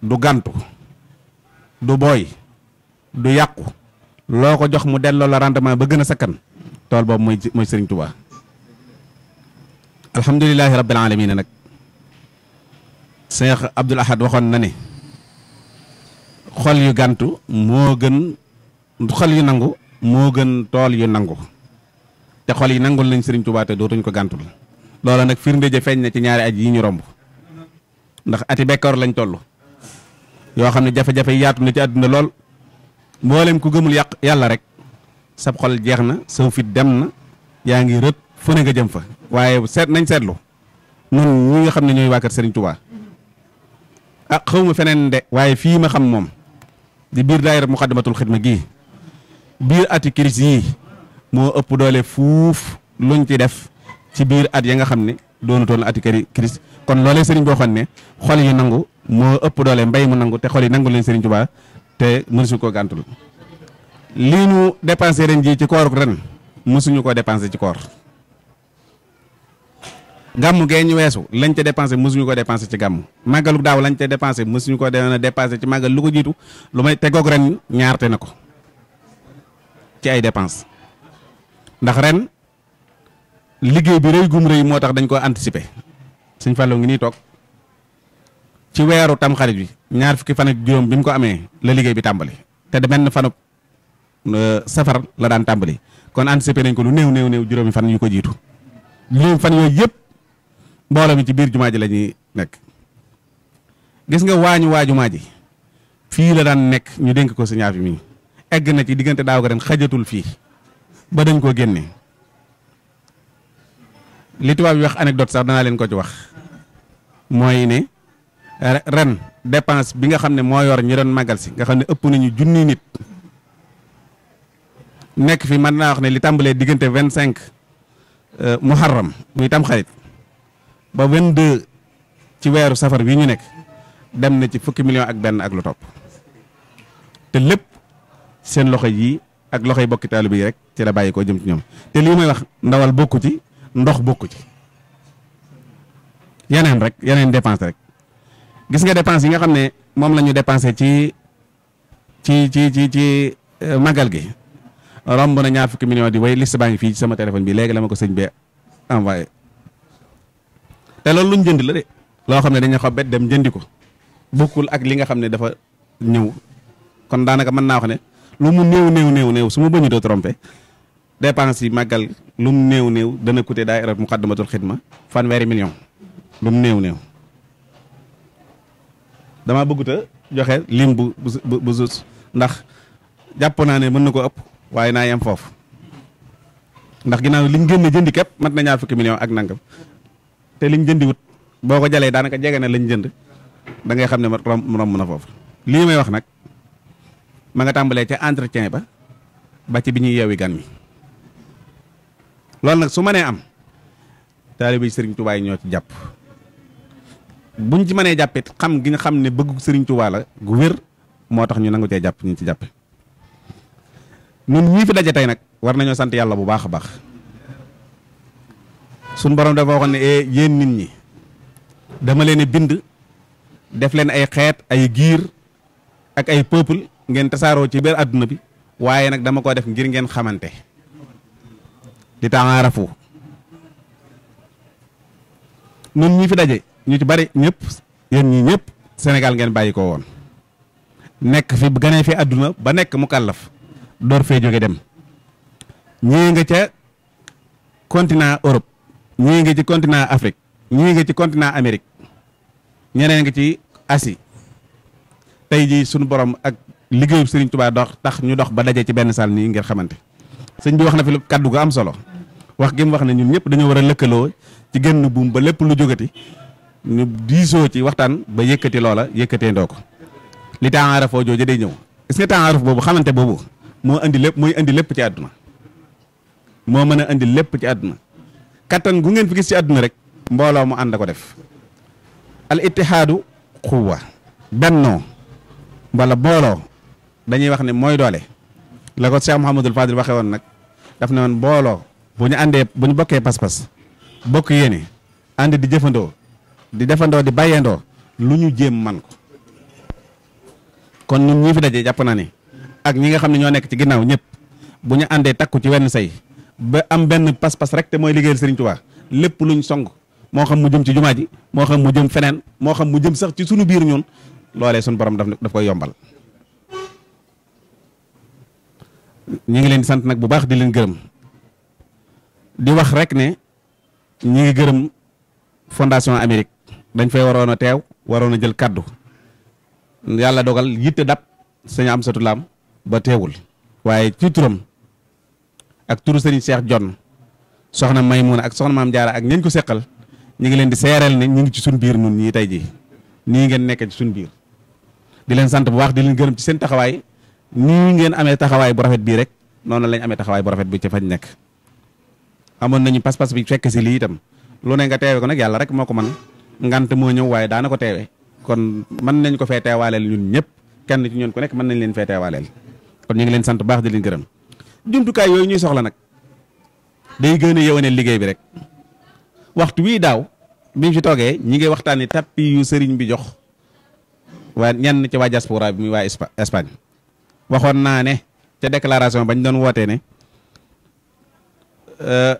du gàntu du booy du yàqu loo ko jox mu delloo la rendement ba gën a sakkan tool boobu mooy mooy Sëriñ Tuubaa alhamdulilahi rabbil alamina nag Cheikh Abdoul Ahad waxoon na ne xol yu gantu moo gën xol yu nangu moo gën tool yu nangu te xol yi nangul nañ Sëriñ Tuubaa te dootuñ ko gàntul loola nag firnde ja feeñ na ci ñaari aj yi ñu romb ndax ati bekkoor lañ toll yoo xam ne jafe-jafe yaatu na ci àdduna lool mboolem ku gëmul yàq yàlla rek sab xol jeex na saw fit dem na yaa ngi rët fu ne nga jëm fa waaye seet nañ seetlu nun ñi xam ne ñooy waa kër Serigne Touba ah xaw ma feneen de waaye fii ma xam moom di biir daayira Muqaddamatul Xidma gii biir ati kiris yii moo ëpp doole fuuf luñ ci def ci biir at ya nga xam ne doonu toon ati këri kiris kon loolee Serigne boo xam ne xol yi nangu moo ëpp doole mbay mu nangu te xol yi nangu leen Serigne Touba te mënusu ko gàntul lii ñu dépensé ren jii ci kooruk ren mësuñu koo dépensé ci koor gàmmu gee ñu weesu lañ ca dépensé mësuñu ko dépensé ci gàmmu màggalu daaw lañ ca dépensé mësuñu ko dana dépensé ci màggal lu ko jiitu lu may tegoog ren ñaarte na ko ci ay dépense ndax ren liggéey bi rëy gum rëy moo tax dañ ko anticiper suñ fàllu ngi nii toog ci weeru tamxarit bi ñaar fukki fan juróom bi mu ko amee la liggéey bi tàmbali te de benn fanub euh, safar la daan tàmbali kon anticiper nañ ko lu néew néew néew juróomi fan yu ko jiitu li fan mbooloo mi ci biir jumaa ji la nekk gis nga waañu waa jumaa ji fii la daan nekk ñu dénk ko sëñ Afi mi egg na ci diggante daaw ko ren xajatul fii ba dañ koo génne li tubaab yi wax anecdote sax danaa leen ko ci wax mooy ne ren dépense bi nga xam ne moo yor ñi doon màggal si nga xam ne ëpp nañu junni nit nekk fi mën naa wax ne li tàmbalee diggante vingt cinq euh, muharram muy tam xarit ba 22 ci weeru safar bii ñu nekk dem na ci fukki million ak benn ak lu topp te lépp seen loxo yi ak loxoy bokki taalibe yi rek ci la bàyyi koo jëm ci ñoom te lii may wax ndawal bokku ci ndox bokku ci yeneen rek yeneen dépense rek gis nga dépense yi nga xam ne moom la ñu dépensé ci ci ci ci ci euh, magal gi romb na ñaar fukki million di way liste baa ngi fii ci sama téléphone bi léegi la ma ko sëñ bee envoyé te loolu luñ jënd la de loo xam ne dañu ko bet dem jëndi ko bokkul ak li nga xam ne dafa ñëw kon daanaka mën naa wax ne lu mu néew néew néew néew su ma bañu doo trompé dépense yi màggal lu mu néew néew dana coûté daayira Muqaddamatul Xidma fanweeri million lu néew néew damaa bëggut a joxe lim bu bu bu sus ndax jàpp naa ne mën na ko ëpp waaye naa yem foofu ndax ginnaaw liñ génne jëndi képp mat na ñaar fukki million ak nangam te liñ jëndi wut boo ko jalee daanaka jege na lañ jënd da ngay xam ne romb na foofu. lii may wax nag ma nga tàmbalee ca entretien ba ba ci bi ñuy yeewi gan mi loolu nag su mënee am taalibe Sëriñ Tuubaa ñoo ci jàpp buñ ci mënee jàppit xam gi nga xam ne bëggu Sëriñ Tuubaa la gu wér moo tax ñu nangu cee jàpp ñu ci jàppe ñun ñii fi daje tey nag war nañoo sant yàlla bu baax a baax. suñu borom dafa waxoon ne e yéen nit ñi dama leen bind def leen ay xeet ay giir ak ay peuple ngeen tasaaroo ci biir àdduna bi waaye nag dama ko def ngir ngeen xamante di taarafu nun ñi fi daje ñu ci bari ñépp yéen ñi ñëpp senegal ngeen bàyyi ko woon nekk fi ganee fi àdduna ba nekk mu kàllaf door fee jóge dem ñëwee ca continent Europe ñii ngi ci continent Afrique ñii ngi ci continent Amérique ñenee ngi ci Asie tey jii suñu borom ak liggéeyu Sëriñ Tuubaa dox tax ñu dox ba daje ci benn saal nii ngir xamante sëñ bi wax na fi kaddu gu am solo wax gi wax na ñun ñëpp dañoo war a lëkkaloo ci génn buum ba lépp lu jógati ñu diisoo ci waxtaan ba yëkkati loola yëkkatee ndoo ko li taarafoo jooju day ñëw est-ce que taaraf boobu xamante boobu moo indi lépp mooy indi lépp ci àdduna moo mën a indi lépp ci àdduna kattan gu ngeen fi gis ci àdduna rek mbooloo mu ànd ko def al ittihaadu xuwa bennoo wala booloo dañuy wax ne mooy doole la ko Cheikh Mouhamadul Fadil waxee woon nag daf ne woon mbooloo bu ñu àndee bu ñu bokkee pas-pas bokk yéene ànd di jëfandoo di defandoo di bàyyandoo lu ñu jéem man ko kon ñun ñii fi daje jàpp na ni ak ñi nga xam ne ñoo nekk ci ginnaaw ñëpp bu ñu àndee takku ci wenn say ba am benn pas-pas rek te mooy liggéeyal Serigne Touba lépp luñ song moo xam mu jëm ci jumaa ji moo xam mu jëm feneen moo xam mu jëm sax ci sunu biir ñun loolee sunu borom daf daf koy yombal. ñu ngi leen di sant nag bu baax di leen gërëm di wax rek ne ñu ngi gërëm fondation Amérique dañ fay waroon a teew waroon a jël kàddu yàlla dogal yitte dab sañu am satu laam ba teewul waaye ci turam. ak turu sëriñ Cheikh Jonn soxna Maymuna ak soxna maam Jaara ak ñañ ko seqal ñu leen di seereel ne ñu ngi ci suñ biir nun ñii tey jii nii ngeen nekk ci suñ biir di leen sant bu baax di leen gërëm ci seen taxawaay nii ngeen amee taxawaay bu rafet bii rek noonu lañ amee taxawaay bu rafet bi ci fañ nekk amoon nañu pas-pas bi fekk si lii itam lu ne nga teewe ko nag yàlla rek moo ko man ngant moo waaye daana ko teewe kon mën nañ ko fee teewaaleel ñun ñëpp kenn ci ñun ku nekk mën nañ leen fee teewaaleel kon ñu ngi leen di leen gërëm jumtukaay yooyu ñuy soxla nag day gën a yeweneel liggéey bi rek waxtu wii daaw bi mu fi toogee ñi ngay waxtaanee tapis yu sëriñ bi jox waa ñenn ci waa diaspora bi muy waa Espagne waxoon naa ne ca déclaration bañ doon wootee ne euh,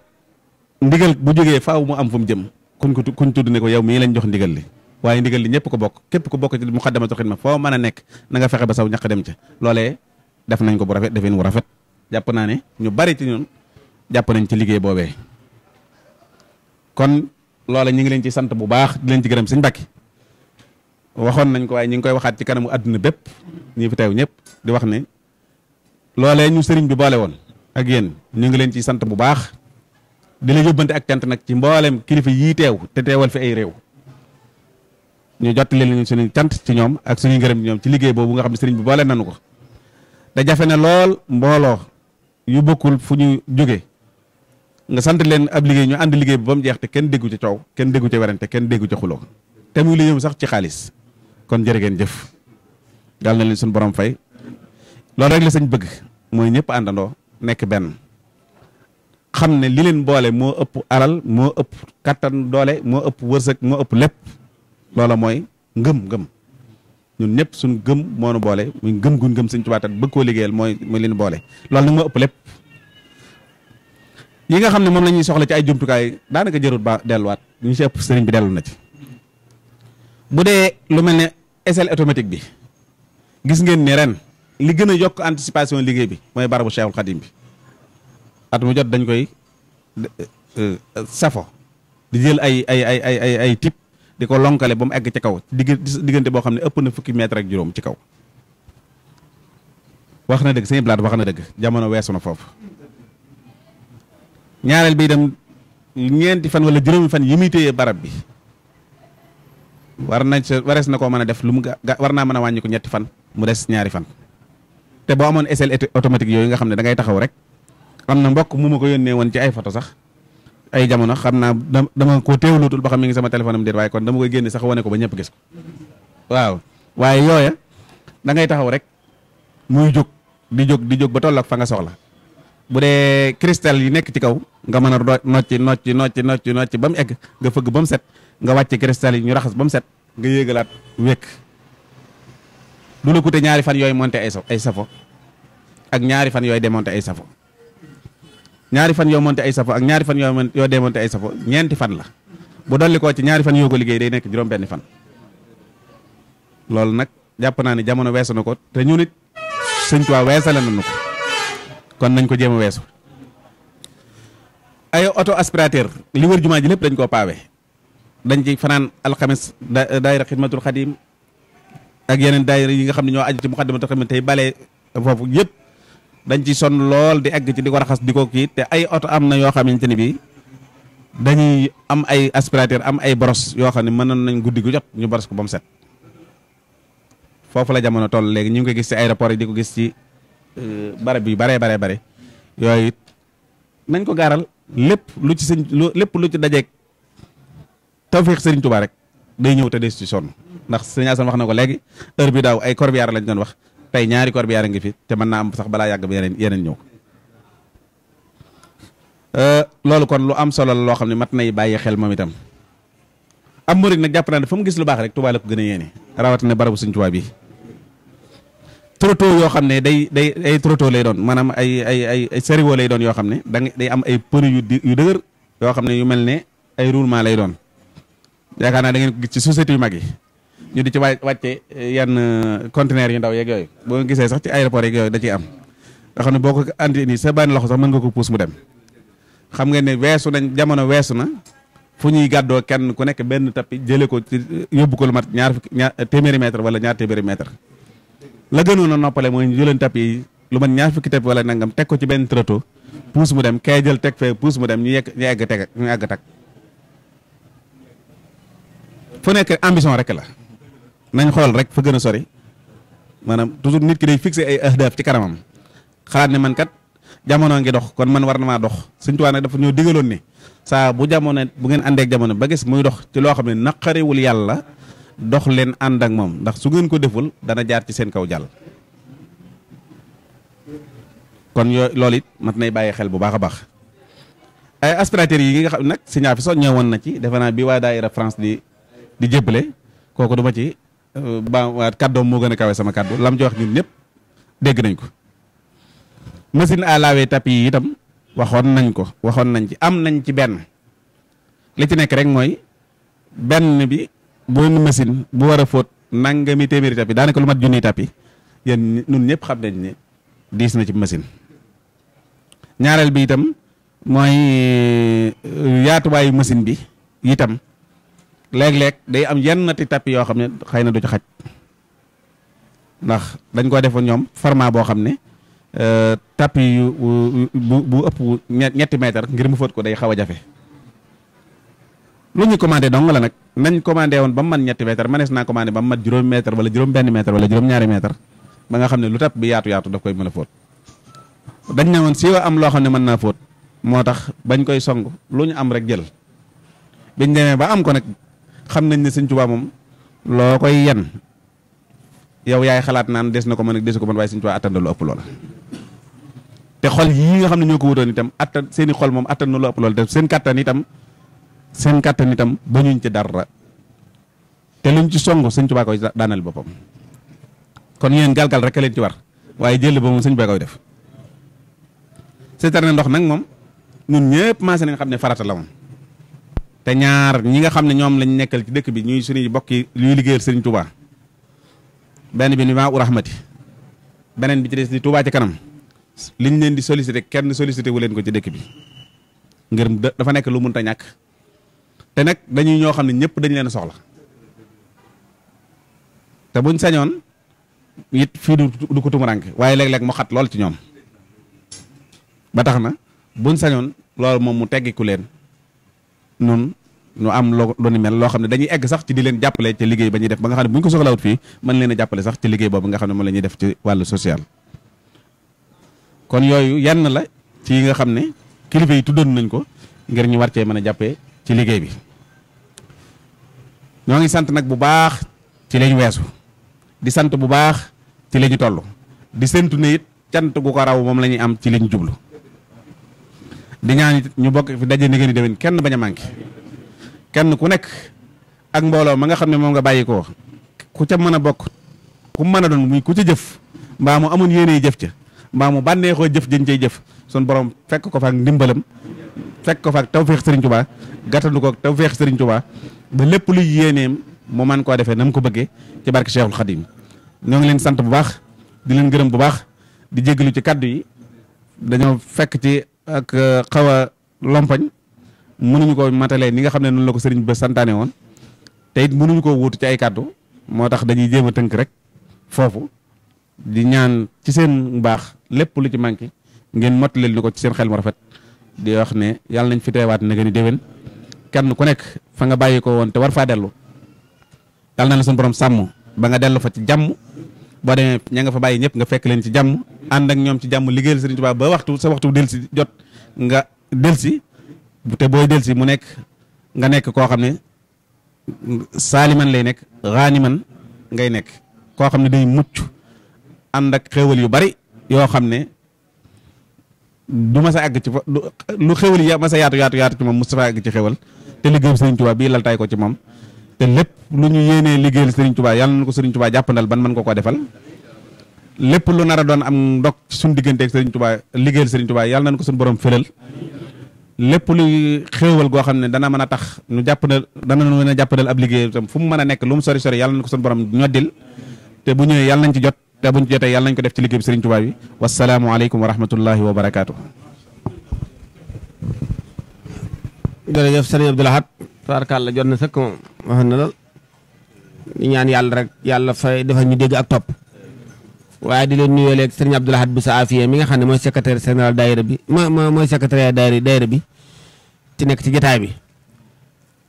ndigal bu jógee faaw mu am fu mu jëm kuñ ko kuñ tudd ne ko yow mii lañ jox ndigal li waaye ndigal li ñëpp ko bokk képp ko bokk ci muqaddamatul xidma foo mën a nekk nanga fexe ba saw ñaq dem ca loolee def nañ ko bu rafet defin wu rafet jàpp naa ne ñu bari ci ñun jàpp nañ ci liggéey boobee kon loola ñu ngi leen ci sant bu baax di leen ci gërëm sëñ Mbàkke waxoon nañ ko waaye ñu ngi koy waxaat ci kanamu àdduna bépp ñu fi teew ñëpp di wax ne loole ñu sëriñ bi boole woon ak yéen ñu ngi leen ci sant bu baax di la yóbbante ak cant nag ci mbooleem kilifa yii teew te teewal fi ay réew ñu jottali leen suñu cant ci ñoom ak suñu ngërëm ci ñoom ci liggéey boobu nga xam ne sëriñ bi boole nañu ko yu bokkul fu ñu jóge nga sant leen ab liggéey ñu ànd liggéey bi ba mu jeex te kenn déggu ci coow kenn déggu ci werante kenn déggu ci xuloo te muy li sax ci xaalis kon jërë ngeen jëf yàlla na leen suñu borom fay loolu rek la sañ bëgg mooy ñëpp àndandoo nekk benn xam ne li leen boole moo ëpp alal moo ëpp kàttan doole moo ëpp wërsëg moo ëpp lépp loola mooy ngëm ngëm ñun ñëpp suñ gëm moo nu boole muy gëm gun gëm Sëñ Tuubaa tat bëgg koo liggéeyal mooy mooy leen boole loolu nag moo ëpp lépp yi nga xam ne moom la ñuy soxla ci ay jumtukaay daanaka jërut ba delluwaat ñu si ëpp sëriñ bi dellu na ci bu dee lu mel ne SL automatique bi gis ngeen ni ren li gën a yokk anticipation liggéey bi mooy barabu Cheikhul Khadim bi at mu jot dañ koy euh, euh, safo di jël ay ay ay ay ay di ko lonkale ba mu egg ci kaw diggante boo xam ne ëpp na fukki mètre ak juróom ci kaw wax na dëgg sëñ Blaat wax na dëgg jamono weesu na foofu ñaareel bi itam ñeenti fan wala juróomi fan yi muy téye barab bi war nañ sa warees na koo mën a def lu mu ga ga war naa mën a wàññi ko ñetti fan mu des ñaari fan te boo amoon échelle automatique yooyu nga xam ne dangay taxaw rek am na mbokk mu ma ko yónnee woon ci ay foto sax ay jamono xam naa dama koo ko teewlutul ba xam mi ngi sama téléphone am déet waaye kon dama koy génne sax wane ko ba ñëpp gis ko waaw waaye yooya da ngay taxaw rek muy jóg di jóg di jóg ba toll fa nga soxla bu dee cristal yi nekk ci kaw nga mën a nocci nocci nocci nocci nocci ba mu egg nga fëgg ba mu set nga wàcc cristal yi ñu raxas ba mu set nga yéegalaat wékk du la coûté ñaari fan yooyu monté ay ay safo ak ñaari fan yooyu démonté ay safo ñaari fan yoo monte ay safo ak ñaari fan yoo yoo démonte ay safo ñeenti fan la bu dolli koo ci ñaari fan yoo ko liggéey day nekk juróom benn fan loolu nag jàpp naa ne jamono weesu na ko te ñu it Sëñ Tuubaa weesale nañu ko kon nañ ko jéem a weesu ay oto aspirateur li wër jumaa ji lépp dañ koo paawe dañ ci fanaan alxames daayira xidmatul xadim ak yeneen daayira yi nga xam ne ñoo aju ci muxaddamatul xadim tey bale foofu yëpp dañ ci sonn lool di egg ci di ko raxas di ko kii te ay oto am na yoo xamante ni bii dañuy am ay aspirateur am ay boros yoo xam ne mënoon nañ guddi gu jot ñu boros ko ba mu set foofu la jamono toll léegi ñu ngi ko gis ci aéroport yi di ko gis ci euh, barab yu baree baree bare yooyu it nañ ko gaaral lépp lu ci sëñ lu lépp lu ci dajeeg tawfeex Sëriñ Tuubaa rek day ñëw te des ci sonn ndax sëñ Assane wax na ko léegi heure bi daaw ay corbillard lañ doon wax tey ñaari corbillard a ngi fi te man naa am sax balaa yàgg ba yeneen yeneen ñëw euh, loolu kon lu am solo la loo xam ne mat na yi bàyyi xel moom itam am murid nag jàpp naa ne fa mu gis lu baax rek Tuubaa la ko gën a yéene rawatina barabu Sëñ Tuubaa bi trottoir yoo xam ne day day ay trottoir lay doon maanaam ay ay ay ay lay doon yoo xam ne da day am ay pneu yu yu dëgër yoo xam ne yu mel ne ay roulement lay doon yaakaar naa da ngeen ko gis ci société yu mag yi ñu di ci wàcc wàcce yenn uh, conteneur yu ndaw yeeg yooyu boo gisee sax ci aéroport yeeg da ciy am nga xam ne boo ko andi nii sa benn loxo sax mën nga ko puus mu dem xam nga ne weesu nañ jamono weesu na fu ñuy gàddoo kenn ku nekk benn tapis jëlee ko ci uh, yóbbu ko lu mat ñaar ñaar uh, téeméeri mètre wala ñaar téeméeri mètre la gënoon noppale mooy ñu jëleen tapis yi lu mat ñaar fukki tapis wala nangam teg ko ci benn trottoir puus mu dem kay jël teg fee puus mu dem ñu yegg ñu egg teg ñu egg tag fu nekk ambition rek la nañ xool rek fa gën a sori maanaam toujours nit ki day fixé ay ahdaf ci kanamam xalaat ne man kat jamono ngi dox kon man war na maa dox Sëñ Tuubaa nag dafa ñoo digaloon ni saa bu jamono bu ngeen àndee jamono ba gis muy dox ci loo xam ne naqariwul yàlla dox leen ànd ak moom ndax su ngeen ko deful dana jaar ci seen kaw jàll. kon yooyu loolu it mat nay bàyyi xel bu baax a baax ay aspirateurs yi nga xam nag Sëñ Afiso ñëwoon na ci defe naa bi waa daayira France di di jébbale kooku duma ci. ba kàddoom moo gën a kawe sama kàddu lam ci wax ñun ñëpp dégg nañ ko machine à laver tapis yi itam waxoon nañ ko waxoon nañ ci am nañ ci benn li ci nekk rek mooy benn bi benn machine bu war a fóot nangami téeméeri tapis daanaka lu mat junniy tapis yéen ñun ñëpp xam nañ ne diis na ci machine ñaareel bi itam mooy euh, yaatuwaayu machine bi itam léeg-léeg day am yenn ti tapis yoo xam ne xëy na du ci xaj ndax dañ ko defoon ñoom format boo xam ne euh, tapis yu bu bu ëpp ñetti mètre ngir mu fóot ko day xaw a jafe. lu ñu commandé dong la nag nañ commandé woon ba mu mat ñetti mètre manees naa commandé ba mu mat juróom mètre wala juróom benn mètre wala juróom ñaari mètre ba nga xam ne lu tap bi yaatu yaatu daf koy mën a fóot dañ ne woon siiwa am loo xam ne mën naa fóot moo tax bañ koy song lu ñu am rek jël. xam nañ ne sëñ Tuubaa moom loo koy yen yow yaay xalaat naan des na ko mën ak desu ko mën waaye sëñ Tuubaa attan na lu ëpp loola te xol yii nga xam ne ñoo ko wutoon tam attan seen i xol moom attan na lu ëpp loola te seen kattan itam seen kattan itam bañuñ ci dara te luñ ci song sëñ Tuubaa koy daanal boppam kon yéen galgal rekk leen ci war waaye jël ba moom sëñ Tuubaa koy def seetar ndox nag moom ñun ñëpp maase nañ xam ne farata la moom te ñaar ñi nga xam ne ñoom lañ nekkal ci dëkk bi ñuy suñuy bokki luy liggéeyal sëriñ Touba benn bi ni maa u rahmati beneen bi ci des di Touba ci kanam liñ leen di sollicité kenn sollicité wu leen ko ci dëkk bi ngir dafa nekk lu mënta ñàkk te nag dañuy ñoo xam ne ñëpp dañ leen soxla te buñ sañoon it fii du du ko tumuranke waaye léeg-léeg mu xat lool ci ñoom ba tax na buñ sañoon loolu moom mu teggiku leen nun nu am loo lu ni mel loo xam ne dañuy egg sax ci di leen jàppale ci liggéey ba ñuy def ba nga xam ne bu ñu a jàppale sax ci liggéey boobu def ci wàllu social kon yooyu yenn la ci nga xam ne kilifa yi tuddoon nañ ko ngir ñu war cee mën a jàppe ci liggéey bi ñoo ngi sant nag bu baax ci lañ weesu di sant bu baax ci lañu toll di séntu ne it cant gu ko raw moom la ñuy am ci liñ jublu di ñaan ñu bokk fi daje ni ngeen déwén kenn bañ a manqué kenn ku nekk ak mbooloo ma nga xam ne moom nga bàyyi ko ku ca mën a bokk ku mën a doon muy ku ca jëf mbaa mu amoon yéeney jëf ca mbaa mu bànneexoo jëf jën cay jëf sun borom fekk ko fa ak ndimbalam fekk ko faak tawfeex Serigne Touba gàttandu ko tawfeex Serigne Touba ba lépp luy yéeneem mu man koo defee na mu ko bëggee ci barke Cheikhul Khadim ñoo ngi leen sant bu baax di leen gërëm bu baax di jégalu ci kaddu yi dañoo fekk ci ak xaw a lompañ mënuñu ko matalee ni nga xam ne noonu la ko sëriñ ba santaane woon te it mënuñu koo wuutu ci ay kàddu moo tax dañuy jéem a tënk rek foofu di ñaan ci seen mbaax lépp lu ci manqué ngeen mottaleel ni ko ci seen xel mu rafet di wax ne yàlla nañ fi teewaat na gën a déwén kenn ku nekk fa nga bàyyi ko woon te war faa dellu yàlla na la suñu borom sàmm ba nga dellu fa ci jàmm boo demee ña nga fa bàyyi ñëpp nga fekk leen ci jàmm ànd ak ñoom ci jàmm liggéeyal Sëriñ Tuubaa ba waxtu sa waxtu delsi jot nga delsi te booy del mu nekk nga nekk koo xam ne saaliman lay nekk xaaniman ngay nekk koo xam ne day mucc ànd ak xewel yu bari yoo xam ne du ma sa àgg ci lu xéwal yi ma sa yaatu yaatu yaatu ci moom Moustapha àgg ci xéwal te liggéeyam Serigne Touba bii lal tay ko ci moom te lépp lu ñu yéenee liggéeyal Serigne Touba yàlla na ko Serigne Touba jàppandal ban mën ko ko defal lépp lu nar a doon am ndok suñu digganteeg Serigne Touba liggéeyal Serigne Touba yàlla nañ ko suñu borom fëlal lépp luy xéewal goo xam ne dana mën a tax nu jàpp na dana mën a jàppandal ab liggéey itam fu mu mën a nekk lu mu sori sori yàlla na ko suñu borom ñoddil te bu ñëwee yàlla nañ ci jot te buñ ci jotee yàlla nañ ko def ci liggéey bi Serigne Touba bi wasalaamualeykum wa rahmatullahi wa barakaatu. jërëjëf sëriñ Abdou Lahad tabaarkàlla jot na sëkk moom wax na lool di ñaan yàlla rek yàlla fay defal ñu dégg ak topp. waaye di leen nuyoo léegi sëriñ Abdou Lahad Bousso Afia mi nga xam ne mooy secrétaire général daayira bi moo mooy secrétaire daayira bi ci nekk ci jotaay bi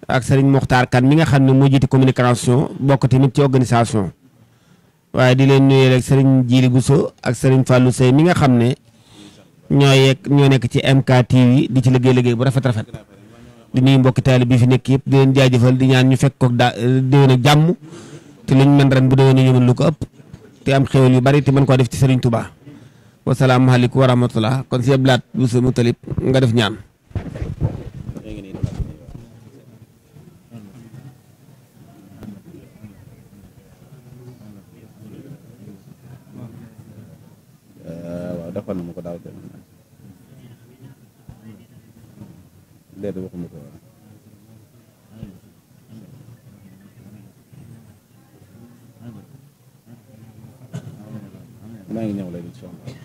ak sëriñ Mokhtar Kane mi nga xam ne moo jiite communication bokk tamit ci organisation waaye di leen nuyoo léegi sëriñ Djili Bousso ak sëriñ Fallou Seye mi nga xam ne ñoo yegg ñoo nekk ci MKTV di ci liggéey liggéey bu rafet rafet di nuyu mbokki taali bi fi nekk yëpp di leen jaajëfal di ñaan ñu fekk ko daa déwén ak jàmm te luñ mën bu déwén ñu mën lu ko ëpp. te am xéwal yu bari te mën koo def ci sëriñ Touba wasalaamualeykum wa rahmatulah kon si blaat bu sa mutalib nga def ñaan. Euh, waaw defoon ko daaw maa ngi ñëw léegi incha allah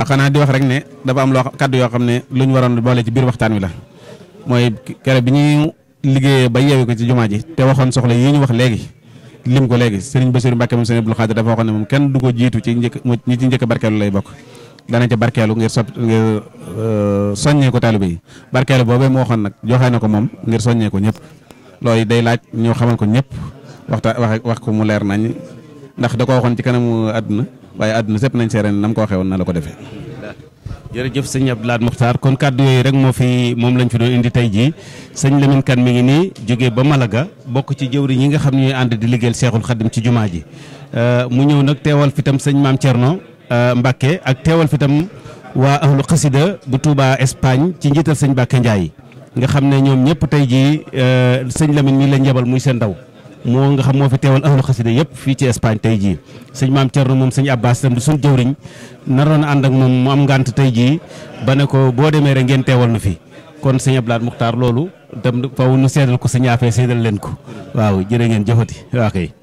ah xanaa di wax rek ne dafa am loo kàddu yoo xam ne lu ñu waroon boole ci biir waxtaan wi la mooy kere bi ñuy liggéeyee ba yeewi ko ci jumaa ji te waxoon soxla yi ñu wax léegi lim ko léegi sëriñ Basiru Mbàkke moom sëriñ Abdul Xaadir dafa waxoon ne moom kenn du ko jiitu ci njëkk ñi ci njëkk barkeelu lay bokk dana ca barkeelu ngir so ngir euh, soññee ko taalibe yi barkeelu boobee mu waxoon nag joxe na ko moom ngir soññee ko ñëpp loolu day laaj ñoo xamal ko ñëpp waxta wax wax ko mu leer nañ ndax da ko waxoon ci kanamu àdduna waaye àdduna sépp nañ seere ne nam ko waxee woon na la ko defee jërëjëf sëñ Abdou Lahad Mokhtar kon kàddu yooyu rek moo fi moom lañ fi doon indi tey jii sëñ Lamine Kane mi ngi nii jógee ba Malaga bokk ci jëwri ñi nga xam ne ñooy ànd di liggéeyal Seexul Xadim ci jumaa ji euh, mu ñëw nag teewal fi tam sëñ Maam Thierno euh, Mbacke ak teewal fi waa ahlu bu Touba Espagne ci njiital sëñ Mbacke Ndiaye nga xam ne ñoom ñëpp tey jii euh, sëñ Lamine mi lañ yebal muy seen ndaw. moo nga xam moo fi teewal ahlu xasida yëpp fii ci Espagne tey jii sëñ maam Thierno moom sëñ Abbas itam di suñ jëwriñ naroon a ànd ak moom mu am ngànt tey jii ba ne ko boo demee rek ngeen teewal na fi kon sëñ Abdoulaye Muxtaar loolu dem faw nu seedal ko sëñ Afee seedal leen ko waaw jërë ngeen jëfati waa kay